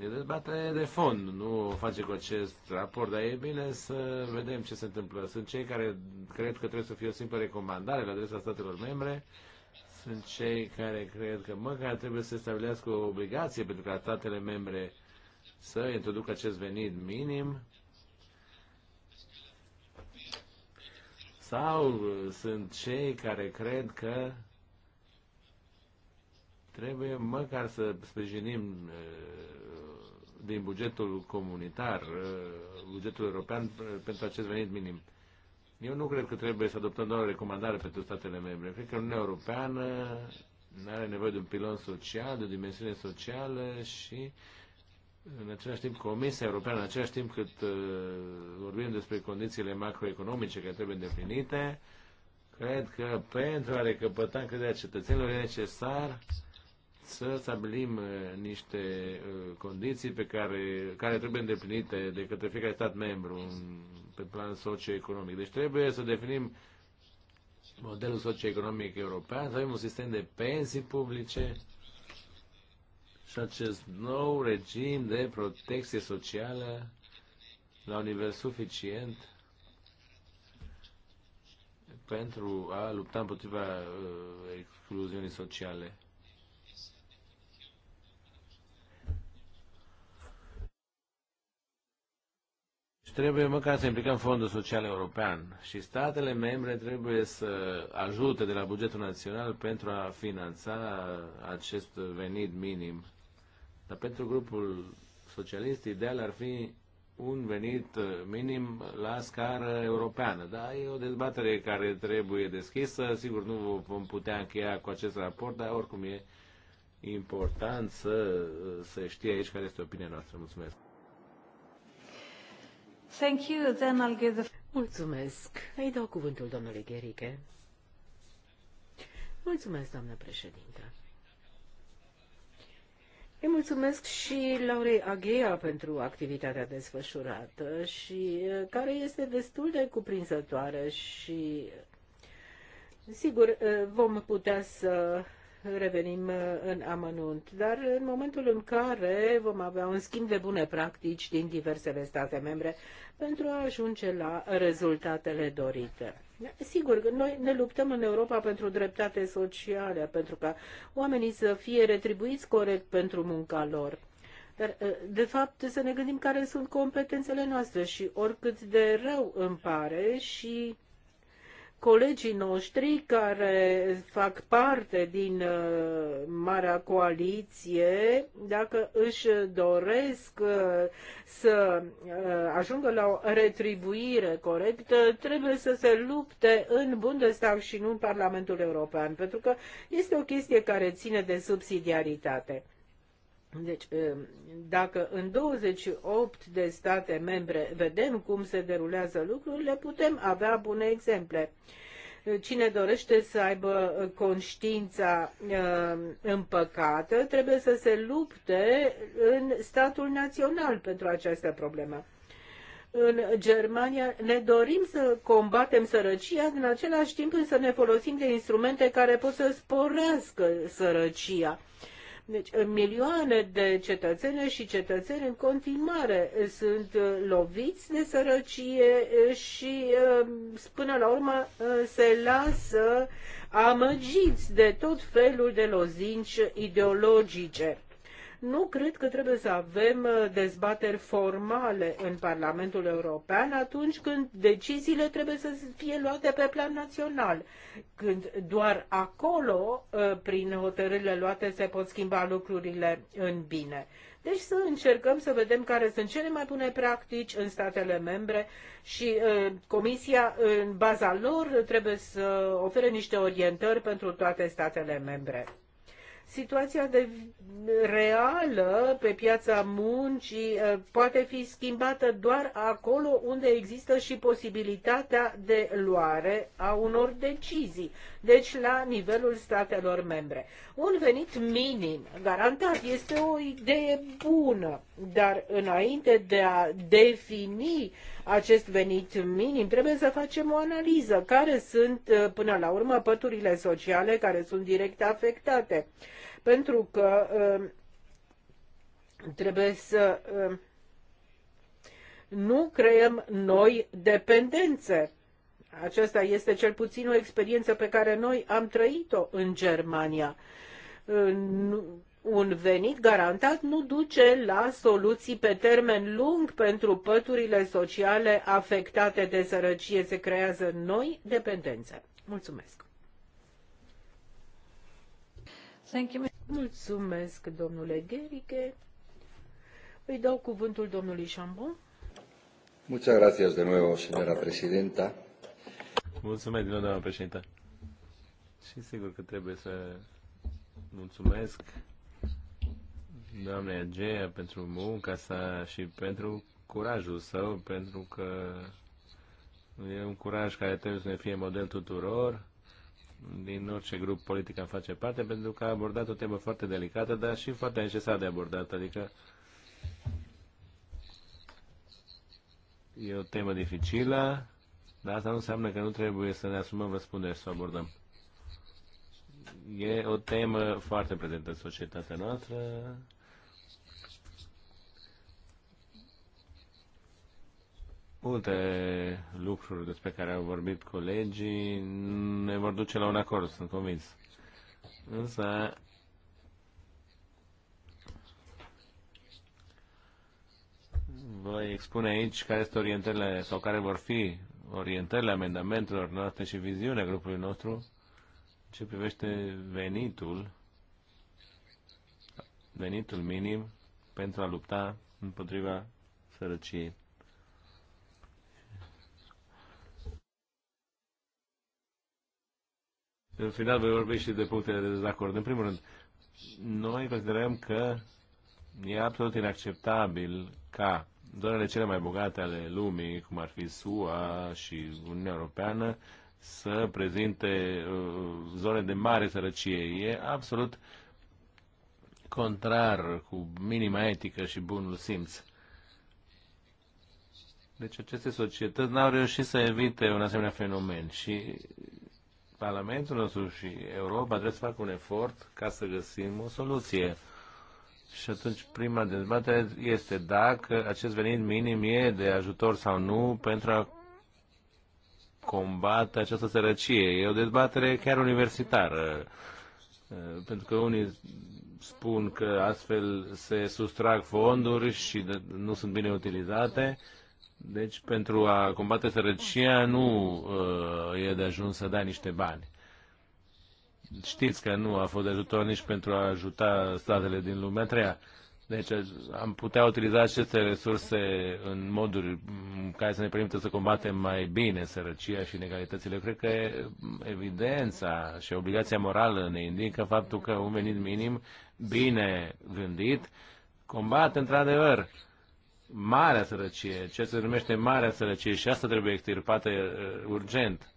E dezbatere de fond, nu o face cu acest raport, dar e bine să vedem ce se întâmplă. Sunt cei care cred că trebuie să fie o simplă recomandare la adresa statelor membre sunt cei care cred că măcar trebuie să stabilească o obligație pentru ca statele membre să introducă acest venit minim sau sunt cei care cred că trebuie măcar să sprijinim uh, din bugetul comunitar, uh, bugetul european uh, pentru acest venit minim. Eu nu cred că trebuie să adoptăm doar o recomandare pentru statele membre. Cred că Uniunea Europeană are nevoie de un pilon social, de o dimensiune socială și în același timp Comisia Europeană, în același timp cât uh, vorbim despre condițiile macroeconomice care trebuie îndeplinite, cred că pentru a recăpăta încrederea cetățenilor e necesar uh, să stabilim uh, niște uh, condiții pe care, care trebuie îndeplinite de către fiecare stat membru pe plan socioeconomic. Deci trebuie să definim modelul socioeconomic european, să avem un sistem de pensii publice și acest nou regim de protecție socială la un nivel suficient pentru a lupta împotriva uh, excluziunii sociale. Și trebuie măcar să implicăm Fondul Social European și statele membre trebuie să ajute de la bugetul național pentru a finanța acest venit minim. Dar pentru grupul socialist, ideal ar fi un venit minim la scară europeană. Dar e o dezbatere care trebuie deschisă. Sigur, nu vom putea încheia cu acest raport, dar oricum e important să să știe aici care este opinia noastră. Mulțumesc! Thank you. Then I'll give the... Mulțumesc. Îi dau cuvântul domnului Gheriche. Mulțumesc, doamnă președintă. Îi mulțumesc și Laurei Aghea pentru activitatea desfășurată și eh, care este destul de cuprinzătoare și sigur eh, vom putea să revenim uh, în amănunt, dar în momentul în care vom avea un schimb de bune practici din diversele state membre pentru a ajunge la rezultatele dorite. Sigur, noi ne luptăm în Europa pentru dreptate socială, pentru ca oamenii să fie retribuiți corect pentru munca lor. Dar, uh, de fapt, să ne gândim care sunt competențele noastre și oricât de rău îmi pare și colegii noștri care fac parte din uh, Marea Coaliție, dacă își doresc uh, să uh, ajungă la o retribuire corectă, trebuie să se lupte în Bundestag și nu în Parlamentul European, pentru că este o chestie care ține de subsidiaritate. Deci, dacă în 28 de state membre vedem cum se derulează lucrurile, putem avea bune exemple. Cine dorește să aibă conștiința împăcată, trebuie să se lupte în statul național pentru această problemă. În Germania ne dorim să combatem sărăcia, în același timp însă ne folosim de instrumente care pot să sporească sărăcia. Uh, deci milioane de cetățene și cetățeni în continuare sunt uh, loviți de sărăcie uh, și uh, până la urmă se lasă amăgiți de tot felul de lozinci ideologice nu cred că trebuie să avem uh, dezbateri formale în Parlamentul European atunci când deciziile trebuie să fie luate pe plan național, când doar acolo, uh, prin hotărârile luate, se pot schimba lucrurile în bine. Deci să încercăm să vedem care sunt cele mai bune practici în statele membre și uh, Comisia, în baza lor, trebuie să ofere niște orientări pentru toate statele membre situația de reală pe piața muncii eh, poate fi schimbată doar acolo unde există și posibilitatea de luare a unor decizii, deci la nivelul statelor membre. Un venit minim garantat este o idee bună, dar înainte de a defini acest venit minim, trebuie să facem o analiză. Care sunt, eh, până la urmă, păturile sociale care sunt direct afectate? pentru că um, trebuie să um, nu creăm noi dependențe. Aceasta este cel puțin o experiență pe care noi am trăit-o în Germania. Uh, un venit garantat nu duce la soluții pe termen lung pentru păturile sociale afectate de sărăcie. Se creează noi dependențe. Mulțumesc! Thank you. Mulțumesc, domnule Gerike. Îi dau cuvântul domnului Chambon. Muchas gracias de nuevo, señora presidenta. Mulțumesc din nou, doamna Și sigur că trebuie să mulțumesc doamnei Agea pentru munca sa și pentru curajul său, pentru că e un curaj care trebuie să ne fie model tuturor din orice grup politic am face parte, pentru că a abordat o temă foarte delicată, dar și foarte necesar de abordat. Adică e o temă dificilă, dar asta nu înseamnă că nu trebuie să ne asumăm răspundere să o abordăm. E o temă foarte prezentă în societatea noastră multe lucruri despre care au vorbit colegii ne vor duce la un acord, sunt convins. Însă voi expune aici care sunt orientările sau care vor fi orientările amendamentelor noastre și viziunea grupului nostru ce privește venitul venitul minim pentru a lupta împotriva sărăciei. În final voi vorbi și de punctele de dezacord. În primul rând, noi considerăm că e absolut inacceptabil ca zonele cele mai bogate ale lumii, cum ar fi SUA și Uniunea Europeană, să prezinte uh, zone de mare sărăcie. E absolut contrar cu minima etică și bunul simț. Deci aceste societăți n-au reușit să evite un asemenea fenomen și Parlamentul nostru și Europa trebuie să facă un efort ca să găsim o soluție. Și atunci prima dezbatere este dacă acest venit minim e de ajutor sau nu pentru a combate această sărăcie. E o dezbatere chiar universitară, eh, pentru că unii spun că astfel se sustrag fonduri și nu sunt bine utilizate deci, pentru a combate sărăcia, nu uh, e de ajuns să dai niște bani. Știți că nu a fost de ajutor nici pentru a ajuta statele din lumea treia. Deci am putea utiliza aceste resurse în moduri care să ne permită să combatem mai bine sărăcia și inegalitățile. Cred că evidența și obligația morală ne indică faptul că un venit minim bine gândit combate într-adevăr marea sărăcie, ceea ce se numește marea sărăcie și asta trebuie extirpată uh, urgent.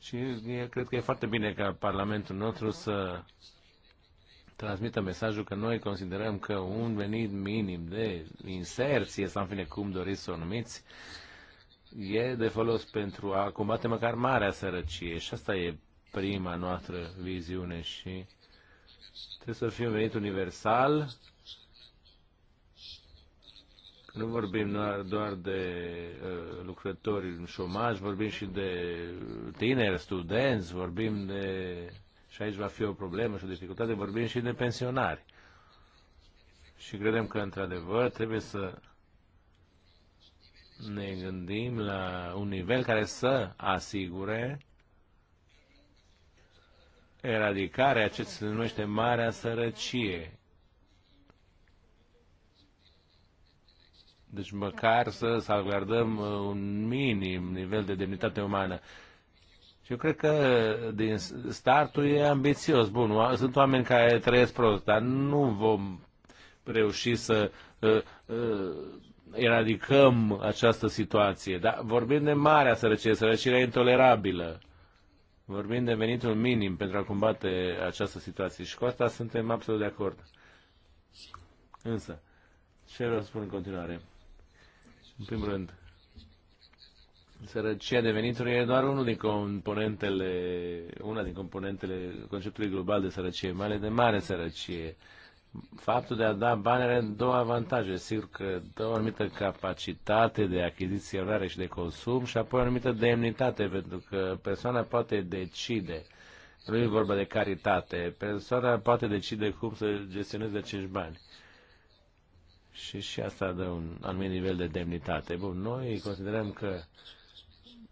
Și e, cred că e foarte bine ca Parlamentul nostru să transmită mesajul că noi considerăm că un venit minim de inserție, sau în fine cum doriți să o numiți, e de folos pentru a combate măcar marea sărăcie. Și asta e prima noastră viziune și trebuie să fie un venit universal nu vorbim doar, doar de uh, lucrători în șomaj, vorbim și de tineri, studenți, vorbim de... și aici va fi o problemă și o dificultate, vorbim și de pensionari. Și credem că, într-adevăr, trebuie să ne gândim la un nivel care să asigure eradicarea ce se numește marea sărăcie Deci măcar să salvgardăm uh, un minim nivel de demnitate umană. Și eu cred că din startul e ambițios. Bun, sunt oameni care trăiesc prost, dar nu vom reuși să uh, uh, eradicăm această situație. Dar vorbim de marea sărăcie, sărăcirea intolerabilă. Vorbim de venitul minim pentru a combate această situație și cu asta suntem absolut de acord. Însă, ce vreau să spun în continuare? În primul rând, sărăcia de venituri e doar unul din componentele, una din componentele conceptului global de sărăcie, mai ales de mare sărăcie. Faptul de a da bani are două avantaje. Sigur că dă o anumită capacitate de achiziționare și de consum și apoi o anumită demnitate, pentru că persoana poate decide. Nu e vorba de caritate. Persoana poate decide cum să gestioneze acești bani și și asta dă un anumit nivel de demnitate. Bun, noi considerăm că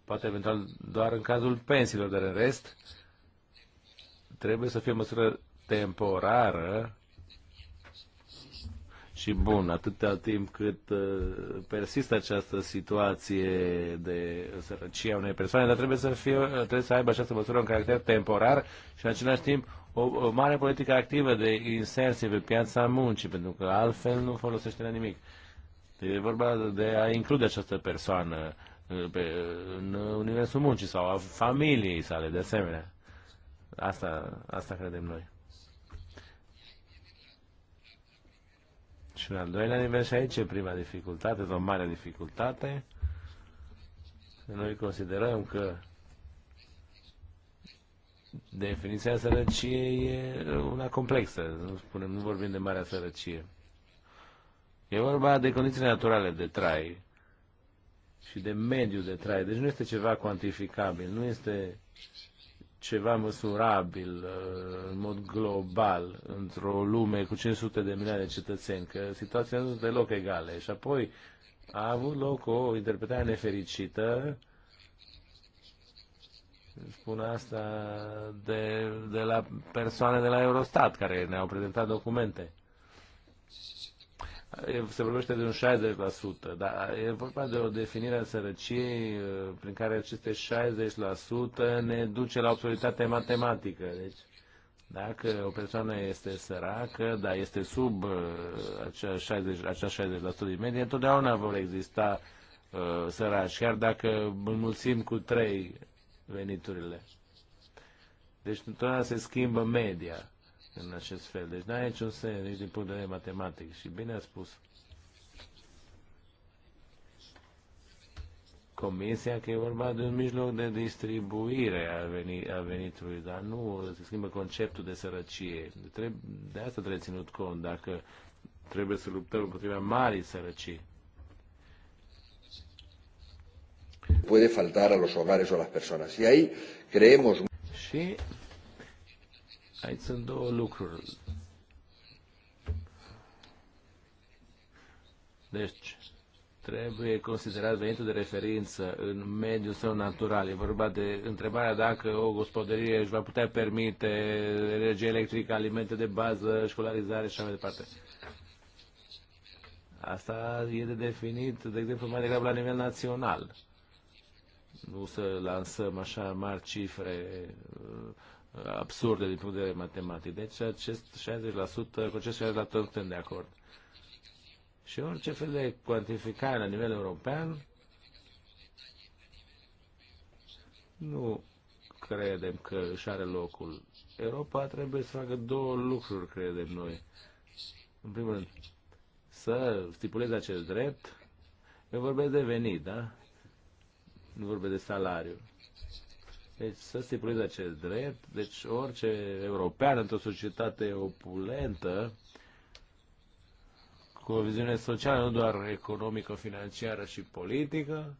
poate eventual doar în cazul pensiilor, dar în rest trebuie să fie măsură temporară și bun, atâta timp cât uh, persistă această situație de sărăcie a unei persoane, dar trebuie să, fie, uh, trebuie să aibă această măsură în caracter temporar și în același timp o, o mare politică activă de inserție pe piața muncii, pentru că altfel nu folosește la nimic. E vorba de a include această persoană uh, pe, în universul muncii sau a familiei sale, de asemenea. Asta, asta credem noi. Și în al doilea nivel, și aici e prima dificultate, o mare dificultate, noi considerăm că definiția sărăciei e una complexă. Nu, spunem, nu vorbim de marea sărăcie. E vorba de condiții naturale de trai și de mediu de trai. Deci nu este ceva cuantificabil, nu este ceva măsurabil uh, în mod global într-o lume cu 500 de milioane de cetățeni, că situația nu sunt deloc egale. Și apoi a avut loc o interpretare nefericită uh, spun asta de, de la persoane de la Eurostat care ne-au prezentat documente. Se vorbește de un 60%, dar e vorba de o definire a sărăciei uh, prin care aceste 60% ne duce la obscuritate matematică. Deci, dacă o persoană este săracă, dar este sub uh, acea 60%, acea 60% din medie, întotdeauna vor exista uh, săraci, chiar dacă înmulțim cu 3 veniturile. Deci întotdeauna se schimbă media în acest fel. Deci n-are niciun sens nici din punct de vedere matematic. Și bine a spus Comisia că e vorba de un mijloc de distribuire a, venit, a venitului, dar nu se schimbă conceptul de sărăcie. De, de asta trebuie ținut cont dacă trebuie să luptăm împotriva marii sărăcii. Puede faltar a los hogares o a las personas. Y ahí creemos. Sí, aici sunt două lucruri. Deci, trebuie considerat venitul de referință în mediul său natural. E vorba de întrebarea dacă o gospodărie își va putea permite energie electrică, alimente de bază, școlarizare și așa mai departe. Asta e de definit, de exemplu, mai degrabă la nivel național nu să lansăm așa mari cifre uh, uh, absurde din punct de vedere matematic. Deci acest 60%, cu acest 60% suntem de acord. Și orice fel de cuantificare la nivel european nu credem că își are locul. Europa trebuie să facă două lucruri, credem noi. În primul rând, să stipuleze acest drept. Eu vorbesc de venit, da? nu vorbe de salariu. Deci să stipuleze acest drept, deci orice european într-o societate opulentă, cu o viziune socială, nu doar economică, financiară și politică,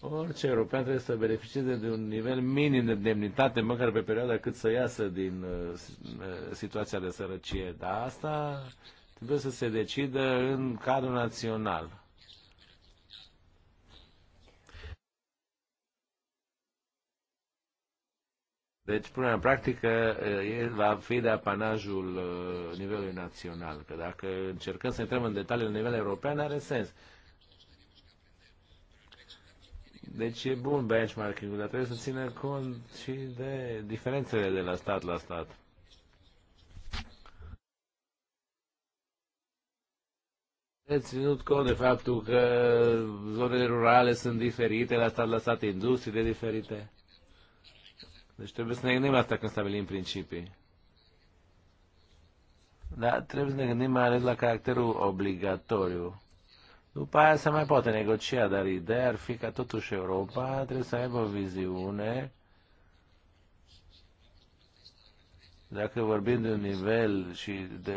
orice european trebuie să beneficieze de un nivel minim de demnitate, măcar pe perioada cât să iasă din uh, uh situația de sărăcie. Dar asta trebuie să se decidă în cadrul național. Deci, punerea în practică el va fi de apanajul uh, nivelului național, că dacă încercăm să intrăm în detalii la nivel european, are sens. Deci e bun benchmarking-ul, dar trebuie să țină cont și de diferențele de la stat la stat. De ținut cont de faptul că zonele rurale sunt diferite, la stat la stat industrie diferite. Deci trebuie să ne gândim la asta când stabilim principii. Dar trebuie să ne gândim mai ales la caracterul obligatoriu. După aia se mai poate negocia, dar ideea ar fi ca totuși Europa trebuie să aibă o viziune. Dacă vorbim de un nivel și de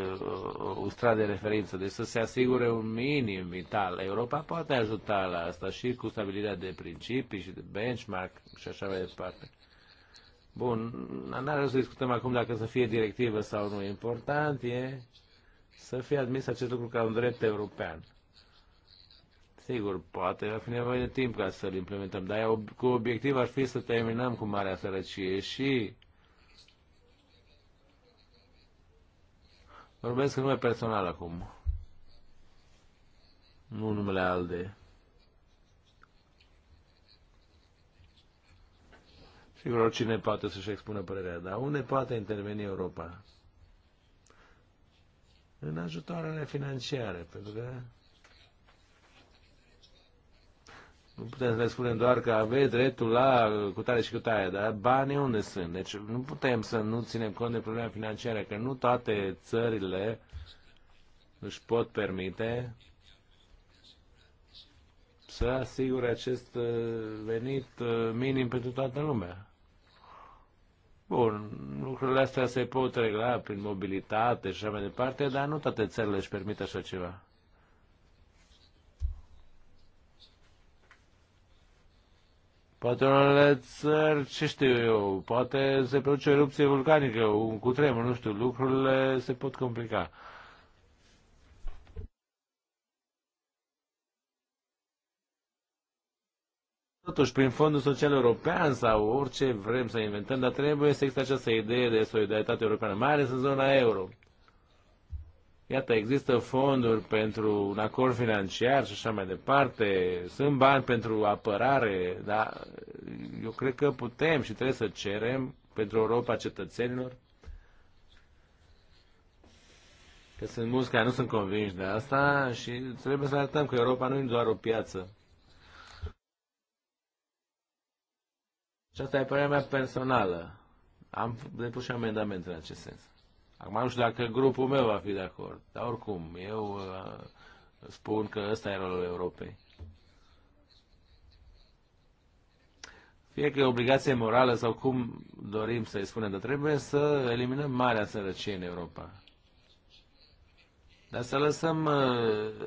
o, o de referință, deci să se asigure un minim vital, Europa poate ajuta la asta și cu stabilirea de principii și de benchmark și așa mai departe. Bun, n-are să discutăm acum dacă să fie directivă sau nu. Important e să fie admis acest lucru ca un drept european. Sigur, poate va fi nevoie de timp ca să-l implementăm, dar cu obiectiv ar fi să terminăm cu marea sărăcie și vorbesc în nume personal acum, nu numele ALDE. Sigur, oricine poate să-și expună părerea, dar unde poate interveni Europa? În ajutoarele financiare, pentru că nu putem să le spunem doar că aveți dreptul la cutare și cutare, dar banii unde sunt? Deci nu putem să nu ținem cont de problema financiară, că nu toate țările își pot permite să asigure acest uh, venit uh, minim pentru toată lumea. Bun, lucrurile astea se pot regla prin mobilitate și așa mai departe, dar nu toate țările își permit așa ceva. Poate unele țări, ce știu eu, poate se produce o erupție vulcanică, un cutremur, nu știu, lucrurile se pot complica. Totuși, prin Fondul Social European sau orice vrem să inventăm, dar trebuie să există această idee de solidaritate europeană, mai ales în zona euro. Iată, există fonduri pentru un acord financiar și așa mai departe, sunt bani pentru apărare, dar eu cred că putem și trebuie să cerem pentru Europa cetățenilor că sunt mulți care nu sunt convinși de asta și trebuie să arătăm că Europa nu e doar o piață. Și asta e părerea mea personală. Am depus și amendamente în acest sens. Acum nu știu dacă grupul meu va fi de acord, dar oricum, eu uh, spun că ăsta e rolul Europei. Fie că e obligație morală sau cum dorim să-i spunem, dar trebuie să eliminăm marea sărăcie în Europa. Dar să lăsăm uh,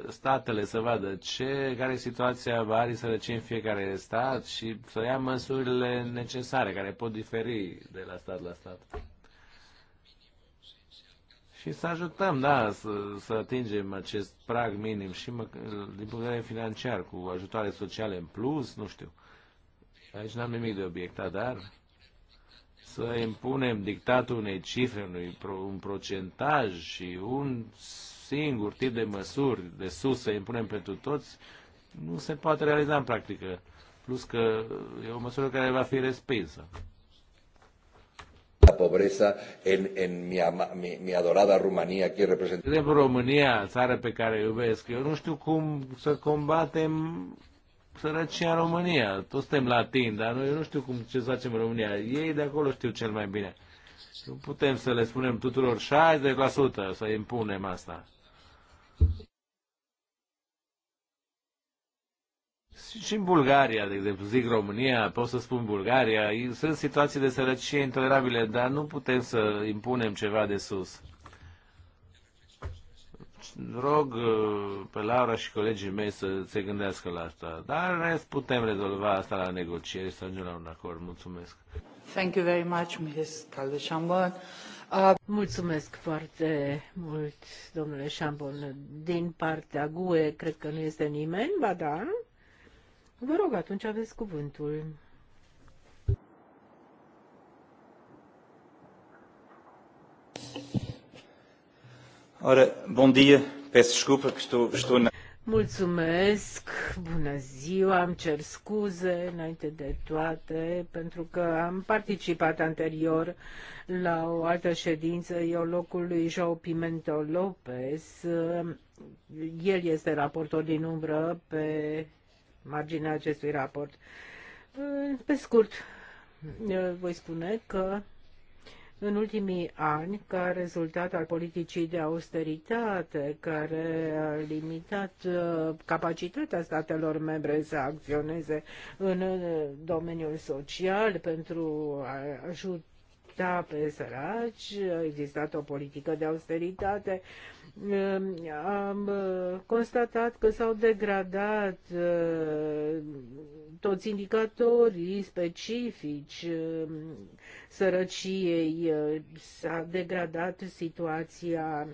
statele să vadă ce, care e situația varii sărăcii în fiecare stat și să ia măsurile necesare care pot diferi de la stat la stat. Și să ajutăm, da, să, să atingem acest prag minim și mă, din punct de vedere financiar, cu ajutoare sociale în plus, nu știu. Aici n-am nimic de obiectat, dar să impunem dictatul unei cifre, unui, un procentaj și un singur tip de măsuri de sus să impunem pentru toți, nu se poate realiza în practică. Plus că e o măsură care va fi respinsă. La pobreza în, în mi, mi, mi adorada România, care reprezintă. De România, țară pe care iubesc, eu nu știu cum să combatem sărăcia în România. Toți suntem latini, dar noi nu știu cum ce să facem în România. Ei de acolo știu cel mai bine. Nu putem să le spunem tuturor 60% să impunem asta. Și în Bulgaria, de exemplu, zic România, pot să spun Bulgaria, sunt situații de sărăcie intolerabile, dar nu putem să impunem ceva de sus. Rog uh, pe Laura și colegii mei să se gândească la asta. Dar în rest putem rezolva asta la negocieri, să ajungem la un acord. Mulțumesc. Thank you very much, Mrs. Caldeșambon. Mulțumesc foarte mult, domnule Șambon. Din partea GUE, cred că nu este nimeni, ba da. Vă rog, atunci aveți cuvântul. Ora, bom dia. Peço desculpa que estou, estou na... Mulțumesc, bună ziua, îmi cer scuze înainte de toate pentru că am participat anterior la o altă ședință, eu locul lui João Pimento Lopez, el este raportor din umbră pe marginea acestui raport. Pe scurt, voi spune că în ultimii ani, ca rezultat al politicii de austeritate, care a limitat uh, capacitatea statelor membre să acționeze în uh, domeniul social pentru a ajuta îndrepta pe săraci, a existat o politică de austeritate. Am constatat că s-au degradat uh, toți indicatorii specifici uh, sărăciei, uh, s-a degradat situația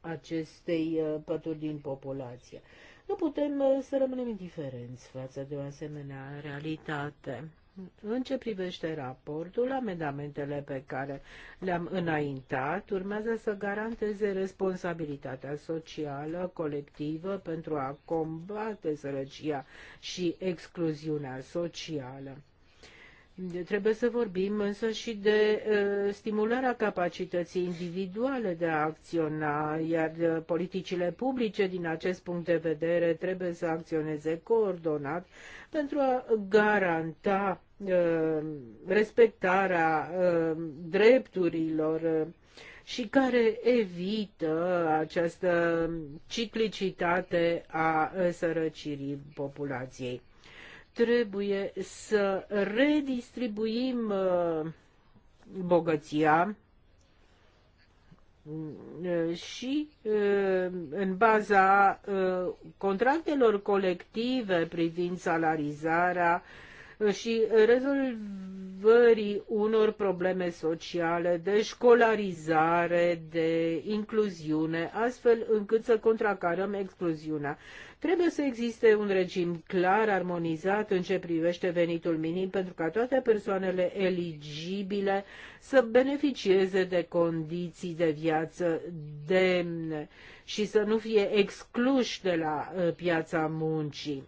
acestei pături din populație. Nu putem să rămânem indiferenți față de o asemenea realitate. În ce privește raportul, amendamentele pe care le-am înaintat urmează să garanteze responsabilitatea socială colectivă pentru a combate sărăcia și excluziunea socială. Trebuie să vorbim însă și de uh, stimularea capacității individuale de a acționa, iar uh, politicile publice din acest punct de vedere trebuie să acționeze coordonat pentru a garanta Uh, respectarea uh, drepturilor uh, și care evită această ciclicitate a sărăcirii populației. Trebuie să redistribuim bogăția și în baza contractelor colective privind salarizarea, și rezolvării unor probleme sociale, de școlarizare, de incluziune, astfel încât să contracarăm excluziunea. Trebuie să existe un regim clar, armonizat în ce privește venitul minim pentru ca toate persoanele eligibile să beneficieze de condiții de viață demne și să nu fie excluși de la uh, piața muncii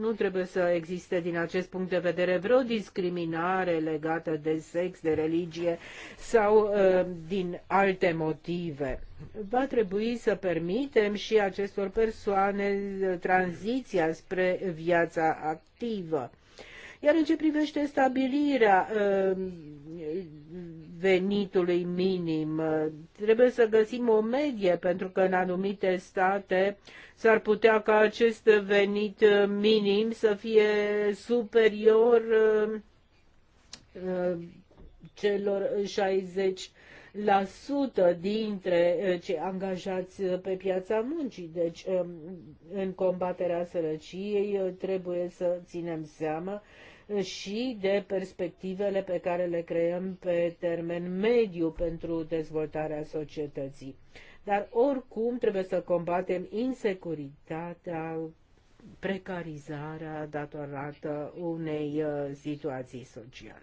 nu trebuie să existe din acest punct de vedere vreo discriminare legată de sex, de religie sau uh, din alte motive. Va trebui să permitem și acestor persoane uh, tranziția spre viața activă iar în ce privește stabilirea um, venitului minim, trebuie să găsim o medie, pentru că în anumite state s-ar putea ca acest venit uh, minim să fie superior um, uh, celor 60 la sută dintre uh, cei angajați pe piața muncii. Deci, um, în combaterea sărăciei trebuie să ținem seama și de perspectivele pe care le creăm pe termen mediu pentru dezvoltarea societății. Dar oricum trebuie să combatem insecuritatea, precarizarea datorată unei uh, situații sociale.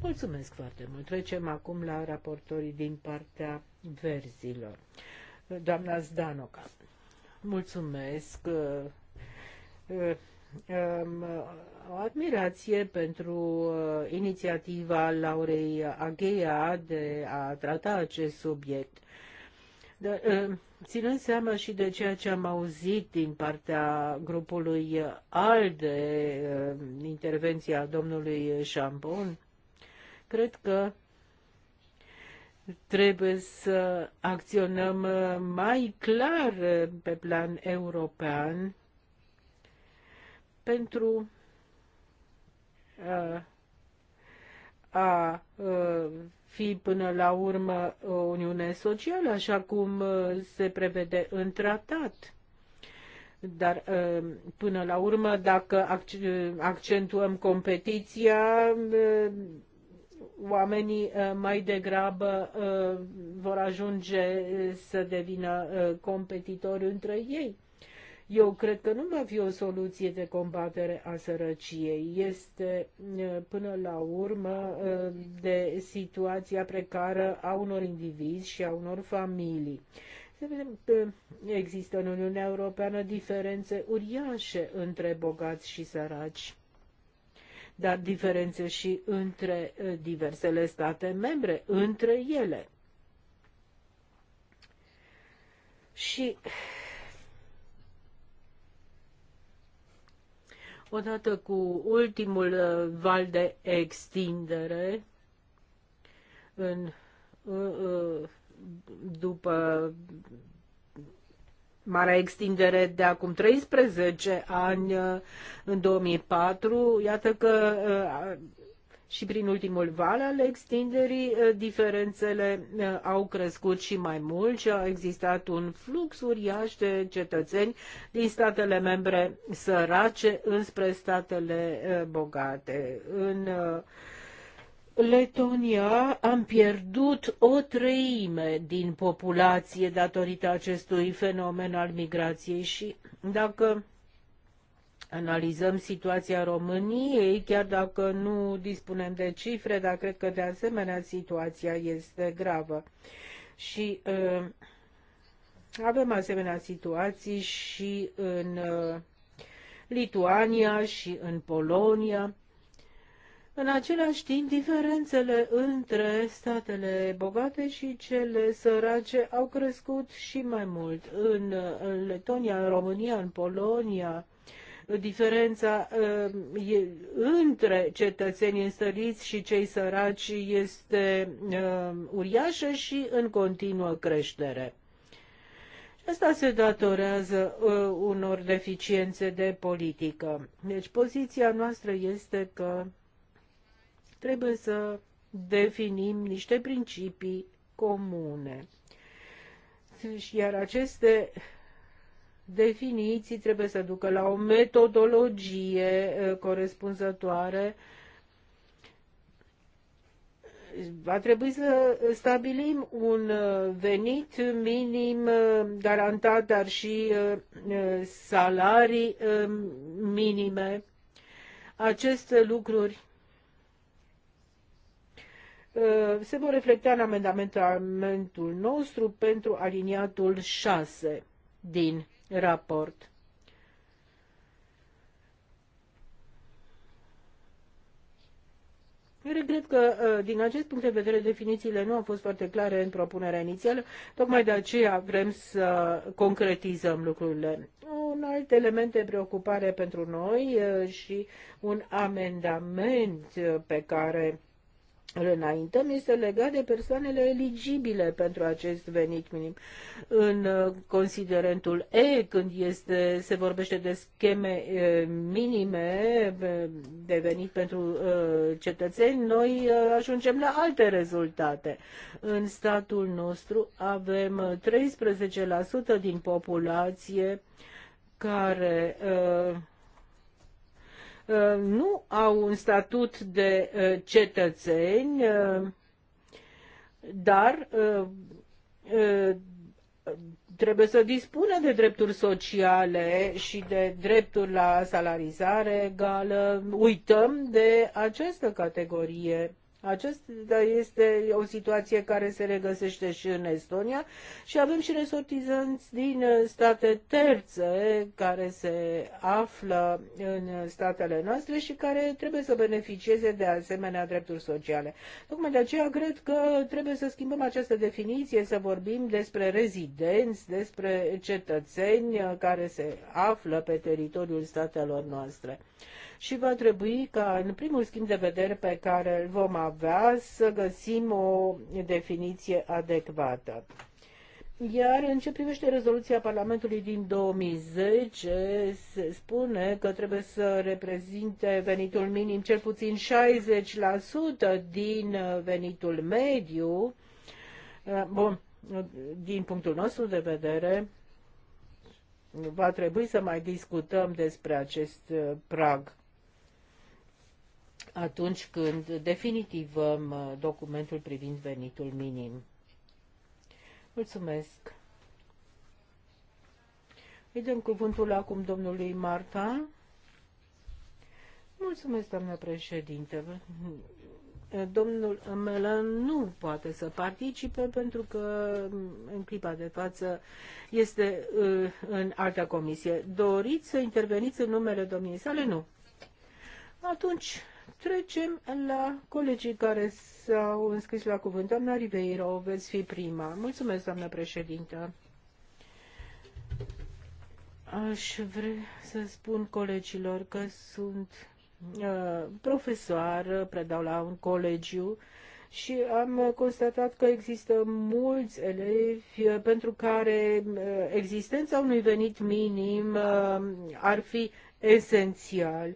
Mulțumesc foarte mult. Trecem acum la raportorii din partea verzilor. Doamna Zdanoca, mulțumesc. Uh, uh, Uh, o admirație pentru uh, inițiativa Laurei Agheia de a trata acest subiect. Dar, uh, ținând seama și de ceea ce am auzit din partea grupului ALDE, intervenția domnului Șambon, cred că trebuie să acționăm mai clar pe plan european pentru uh, a uh, fi până la urmă o uniune socială, așa cum uh, se prevede în tratat. Dar uh, până la urmă, dacă accentuăm competiția, oamenii mai degrabă vor ajunge să devină competitori între ei eu cred că nu va fi o soluție de combatere a sărăciei. Este până la urmă de situația precară a unor indivizi și a unor familii. Să vedem că există în Uniunea Europeană diferențe uriașe între bogați și săraci dar diferențe și între diversele state membre, între ele. Și odată cu ultimul uh, val de extindere în, uh, uh, după marea extindere de acum 13 ani în 2004, iată că și prin ultimul val al extinderii eh, diferențele eh, au crescut și mai mult și a existat un flux uriaș de cetățeni din statele membre sărace înspre statele eh, bogate. În Letonia am pierdut o treime din populație datorită acestui fenomen al migrației și dacă analizăm situația României, chiar dacă nu dispunem de cifre, dar cred că de asemenea situația este gravă. Și uh, avem asemenea situații și în uh, Lituania și în Polonia. În același timp, diferențele între statele bogate și cele sărace au crescut și mai mult. În uh, Letonia, în România, în Polonia, diferența uh, între cetățenii înstăriți și cei săraci este uh, uriașă și în continuă creștere. Asta se datorează uh, unor deficiențe de politică. Deci poziția noastră este că trebuie să definim niște principii comune. Iar aceste definiții trebuie să ducă la o metodologie eh, corespunzătoare. Va trebui să stabilim un eh, venit minim eh, garantat, dar și salarii minime. Aceste lucruri se vor reflecta în amendamentul nostru pentru aliniatul 6 din raport. Regret că, ă, din acest punct de vedere, definițiile nu au fost foarte clare în propunerea inițială, tocmai de aceea vrem să concretizăm lucrurile. Un alt element de preocupare pentru noi ă, și un amendament ă, pe care îl înaintăm este legat de persoanele eligibile pentru acest venit minim. În uh, considerentul E, când este, se vorbește de scheme uh, minime uh, de venit pentru cetățeni, noi ajungem la alte rezultate. În statul nostru avem 13% din populație care uh, Uh, nu au un statut de uh, cetățeni, uh, dar trebuie să dispună de drepturi sociale și de drepturi la salarizare egală. Uităm de această categorie aceasta este o situație care se regăsește și în Estonia și avem și resortizanți din state terțe care se află în statele noastre și care trebuie să beneficieze de asemenea drepturi sociale. Tocmai de aceea cred că trebuie să schimbăm această definiție, să vorbim despre rezidenți, despre cetățeni care se află pe teritoriul statelor noastre și va trebui ca în primul schimb de vedere pe care îl vom avea să găsim o definiție adecvată. Iar în ce privește rezoluția Parlamentului din 2010, se spune că trebuie să reprezinte venitul minim cel puțin 60% din venitul mediu. Bun, din punctul nostru de vedere, va trebui să mai discutăm despre acest prag atunci când definitivăm uh, documentul privind venitul minim. Mulțumesc. Îi dăm cuvântul acum domnului Marta. Mulțumesc, doamnă președinte. Domnul Melan nu poate să participe pentru că mm, în clipa de față este uh, în alta comisie. Doriți să interveniți în numele domniei sale? Nu. Atunci Trecem la colegii care s-au înscris la cuvânt. Doamna Ribeiro, veți fi prima. Mulțumesc, doamnă președintă. Aș vrea să spun colegilor că sunt uh, profesor, predau la un colegiu și am constatat că există mulți elevi uh, pentru care uh, existența unui venit minim ar fi esențial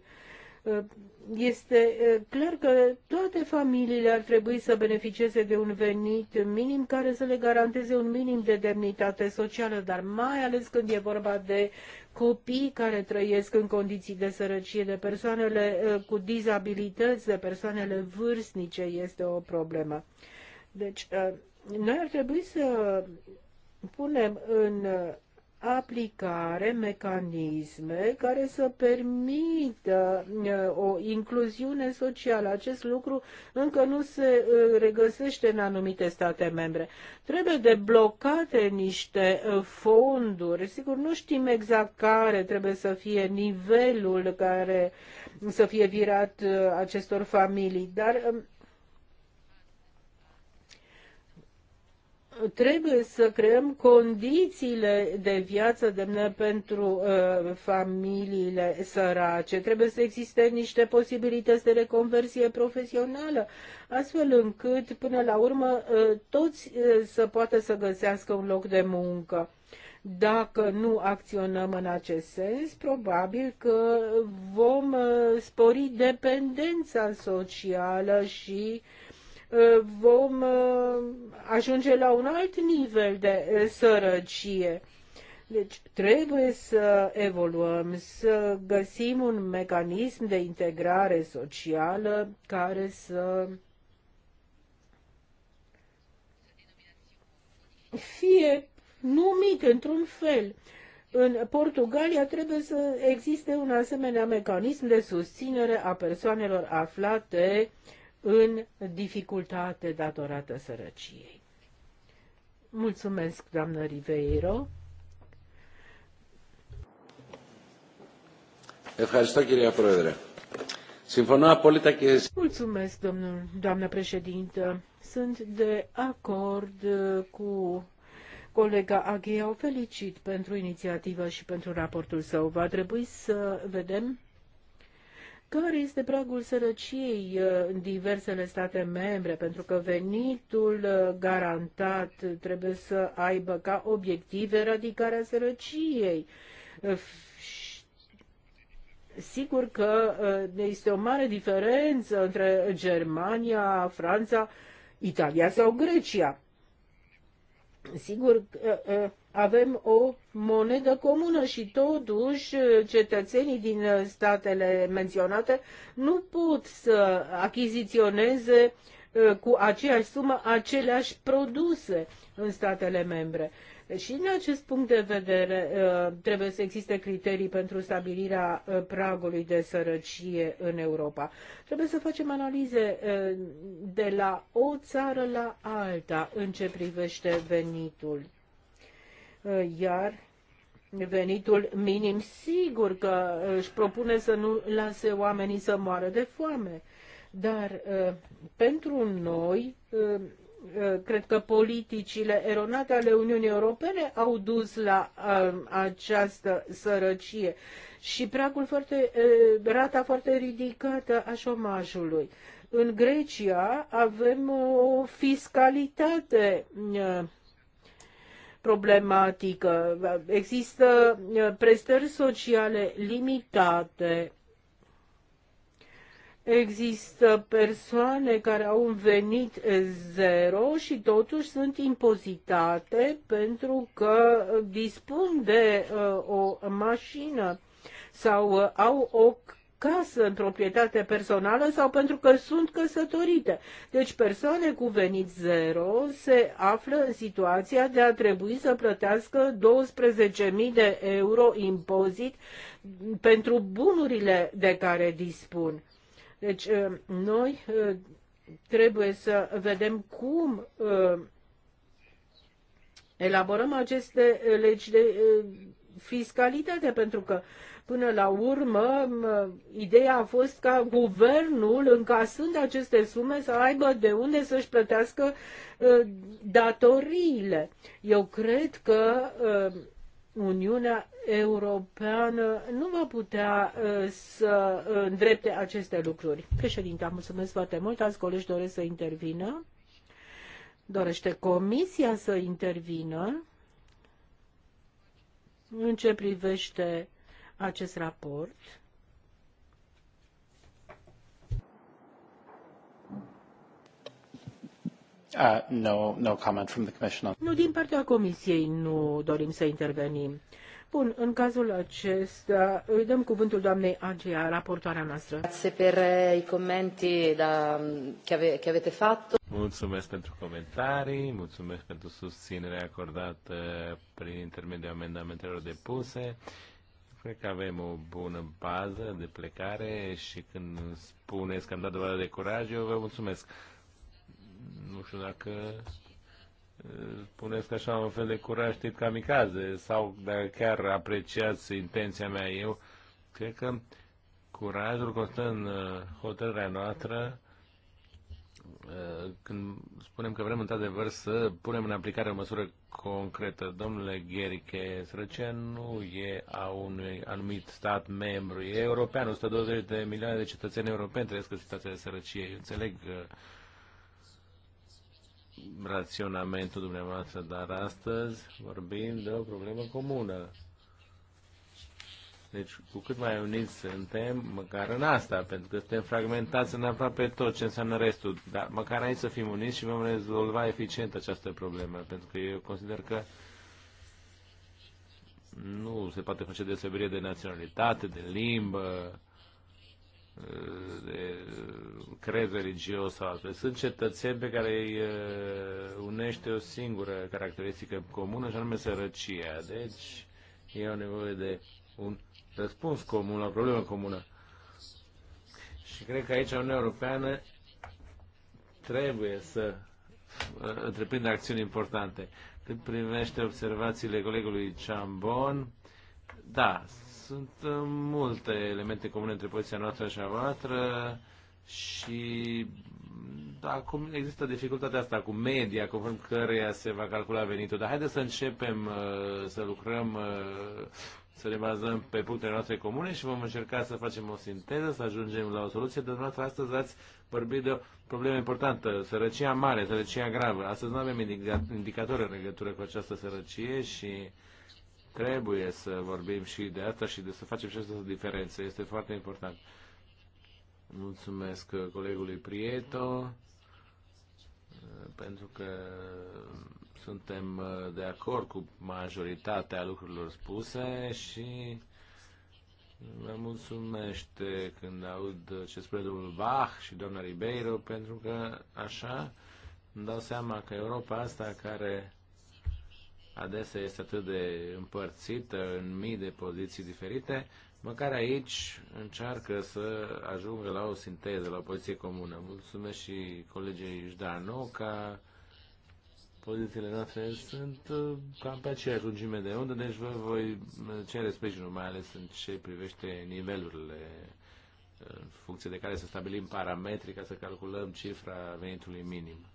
este clar că toate familiile ar trebui să beneficieze de un venit minim care să le garanteze un minim de demnitate socială, dar mai ales când e vorba de copii care trăiesc în condiții de sărăcie, de persoanele cu dizabilități, de persoanele vârstnice, este o problemă. Deci, noi ar trebui să punem în aplicare mecanisme care să permită uh, o incluziune socială. Acest lucru încă nu se uh, regăsește în anumite state membre. Trebuie deblocate niște uh, fonduri. Sigur, nu știm exact care trebuie să fie nivelul care să fie virat acestor familii, dar um, trebuie să creăm condițiile de viață demne pentru uh, familiile sărace. Trebuie să existe niște posibilități de reconversie profesională, astfel încât, până la urmă, uh, toți uh, să poată să găsească un loc de muncă. Dacă nu acționăm în acest sens, probabil că vom uh, spori dependența socială și uh, vom uh, ajunge la un alt nivel de uh, sărăcie. Deci trebuie să evoluăm, să găsim un mecanism de integrare socială care să fie numit într-un fel. În Portugalia trebuie să existe un asemenea mecanism de susținere a persoanelor aflate uh, în dificultate datorată sărăciei. Mulțumesc, doamnă Riveiro. Mulțumesc, domnul, doamnă președintă. Sunt de acord uh, cu Colega Aghea. o felicit pentru inițiativă și pentru raportul său. Va trebui să vedem care este pragul sărăciei uh, în diversele state membre? Pentru că venitul uh, garantat trebuie să aibă ca obiectiv eradicarea sărăciei. Uh, sigur că este o mare diferență între Germania, Franța, Italia sau Grecia. Sigur, avem o monedă comună și totuși cetățenii din statele menționate nu pot să achiziționeze uh, cu aceeași sumă aceleași produse în statele membre. Și din acest punct de vedere uh, trebuie să existe criterii pentru stabilirea uh, pragului de sărăcie în Europa. Trebuie să facem analize de la o țară la alta în ce privește venitul iar venitul minim sigur că își propune să nu lase oamenii să moară de foame. Dar uh, pentru noi, uh, uh, cred că politicile eronate ale Uniunii Europene au dus la această sărăcie și pragul foarte, rata foarte ridicată a șomajului. În Grecia avem o fiscalitate problematică. Există uh, prestări sociale limitate. Există persoane care au un venit zero și totuși sunt impozitate pentru că dispun de uh, o mașină sau uh, au o casă în proprietate personală sau pentru că sunt căsătorite. Deci persoane cu venit zero se află în situația de a trebui să plătească 12.000 de euro impozit pentru bunurile de care dispun. Deci eh, noi eh, trebuie să vedem cum eh, elaborăm aceste legi de fiscalitate, pentru că Până la urmă, ideea a fost ca guvernul, încasând aceste sume, să aibă de unde să-și plătească uh, datoriile. Eu cred că uh, Uniunea Europeană nu va putea uh, să îndrepte aceste lucruri. Președinte, mulțumesc foarte mult. Alți colegi doresc să intervină. Dorește Comisia să intervină în ce privește acest raport. Uh, no, no comment from the commission. Nu, din partea Comisiei nu dorim să intervenim. Bun, în cazul acesta îi dăm cuvântul doamnei Agea, raportoarea noastră. Grazie per i commenti da, che, ave, che avete fatto. Mulțumesc pentru comentarii, mulțumesc pentru susținerea acordată prin intermediul amendamentelor depuse Cred că avem o bună bază de plecare și când spuneți că am dat dovadă de curaj, eu vă mulțumesc. Nu știu dacă uh, spuneți că așa un fel de curaj tip kamikaze sau dacă chiar apreciați intenția mea eu, cred că curajul constă în uh, hotărârea noastră Eh, când spunem că vrem într-adevăr să punem în aplicare o măsură concretă, domnule Gheriche, sărăcia nu e a unui anumit stat membru, e european, 120 de milioane de cetățeni europeni trăiesc în situația de sărăcie. Eu înțeleg eh, raționamentul dumneavoastră, dar astăzi vorbim de o problemă comună deci, cu cât mai uniți suntem, măcar în asta, pentru că suntem fragmentați în aproape tot ce înseamnă restul, dar măcar aici să fim uniți și vom rezolva eficient această problemă, pentru că eu consider că nu se poate face deosebire de naționalitate, de limbă, de cred religios sau altfel. Sunt cetățeni pe care îi uh, unește o singură caracteristică comună și anume sărăcia. Deci e o nevoie de un răspuns comun, la problemă comună. Și cred că aici Uniunea Europeană trebuie să uh, întreprindă acțiuni importante. Cât primește observațiile colegului Ciambon, da, sunt uh, multe elemente comune între poziția noastră și a voastră și mm, da, cum există dificultatea asta cu media, conform căreia se va calcula venitul. Dar haideți să începem uh, să lucrăm să ne bazăm pe punctele noastre comune și vom încerca să facem o sinteză, să ajungem la o soluție. noastră astăzi ați vorbit de o problemă importantă, sărăcia mare, sărăcia gravă. Astăzi nu avem indicatori în legătură cu această sărăcie și trebuie să vorbim și de asta și de să facem și această diferență. Este foarte important. Mulțumesc uh, colegului Prieto pentru că suntem uh, de acord cu majoritatea lucrurilor spuse și mă mulțumește când aud ce spune domnul Bach și doamna Ribeiro, pentru că așa îmi dau seama că Europa asta care adesea este atât de împărțită în mii de poziții diferite, Măcar aici încearcă să ajungă la o sinteză, la o poziție comună. Mulțumesc și colegii Jdano ca pozițiile noastre sunt uh, cam pe aceeași lungime de undă, deci vă voi cere sprijinul, mai ales în ce privește nivelurile uh, în funcție de care să stabilim parametrii ca să calculăm cifra venitului minim.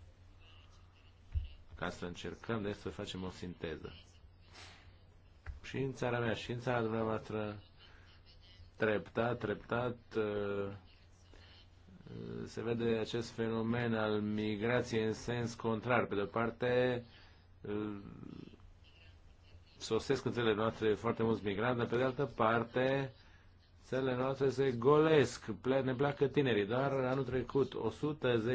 Ca să încercăm deci să facem o sinteză. Și în țara mea, și în țara dumneavoastră, treptat, treptat uh, se vede acest fenomen al migrației în sens contrar. Pe de-o parte, uh, sosesc în țările noastre foarte mulți migranți, dar pe de altă parte, țările noastre se golesc, ne placă tinerii. Doar anul trecut, 110.000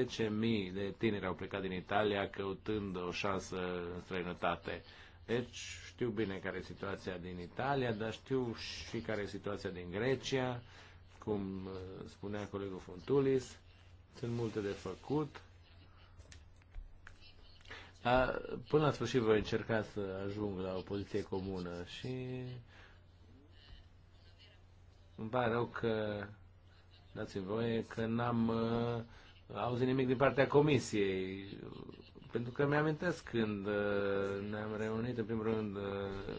de tineri au plecat din Italia căutând o șansă în străinătate. Deci știu bine care e situația din Italia, dar știu și care e situația din Grecia, cum uh, spunea colegul Fontulis. Sunt multe de făcut. A, până la sfârșit voi încerca să ajung la o poziție comună și îmi pare rău că dați-mi voie că n-am uh, auzit nimic din partea comisiei pentru că mi-amintesc când uh, ne-am reunit în primul rând uh,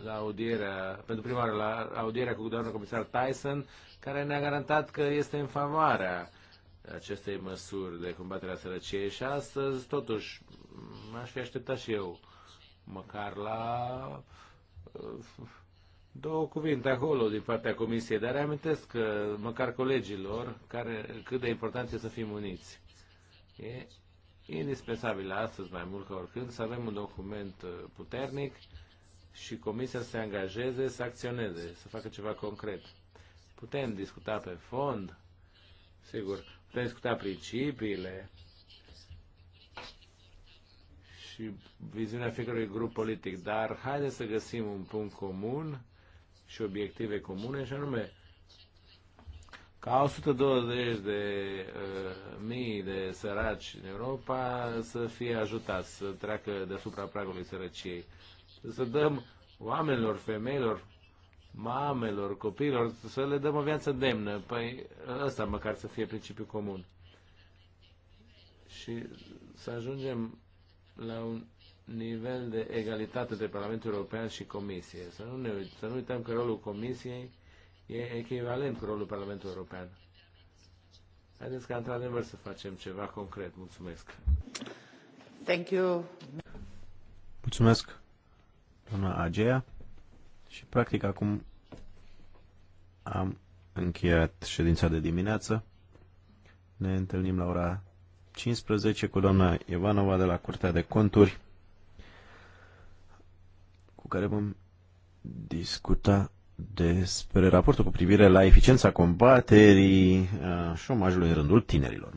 la audierea, pentru prima oară la audierea cu doamna comisar Tyson, care ne-a garantat că este în favoarea acestei măsuri de combatere a sărăciei și astăzi, totuși, m-aș fi așteptat și eu, măcar la uh, două cuvinte acolo din partea comisiei, dar reamintesc că, măcar colegilor, care, cât de important e să fim uniți. E E indispensabil astăzi, mai mult ca oricând, să avem un document uh, puternic și Comisia să se angajeze, să acționeze, să facă ceva concret. Putem discuta pe fond, sigur, putem discuta principiile și viziunea fiecărui grup politic, dar haideți să găsim un punct comun și obiective comune, și anume ca 120 de uh, mii de săraci în Europa să fie ajutați să treacă deasupra pragului sărăciei. Să dăm oamenilor, femeilor, mamelor, copiilor, să le dăm o viață demnă. Păi ăsta măcar să fie principiul comun. Și să ajungem la un nivel de egalitate de Parlamentul European și Comisie. Să nu, ne, să nu uităm că rolul Comisiei e echivalent cu rolul Parlamentului European. Haideți ca într-adevăr să facem ceva concret. Mulțumesc. Thank you. Mulțumesc, doamna Agea. Și practic acum am încheiat ședința de dimineață. Ne întâlnim la ora 15 cu doamna Ivanova de la Curtea de Conturi, cu care vom discuta despre raportul cu privire la eficiența combaterii uh, șomajului în rândul tinerilor.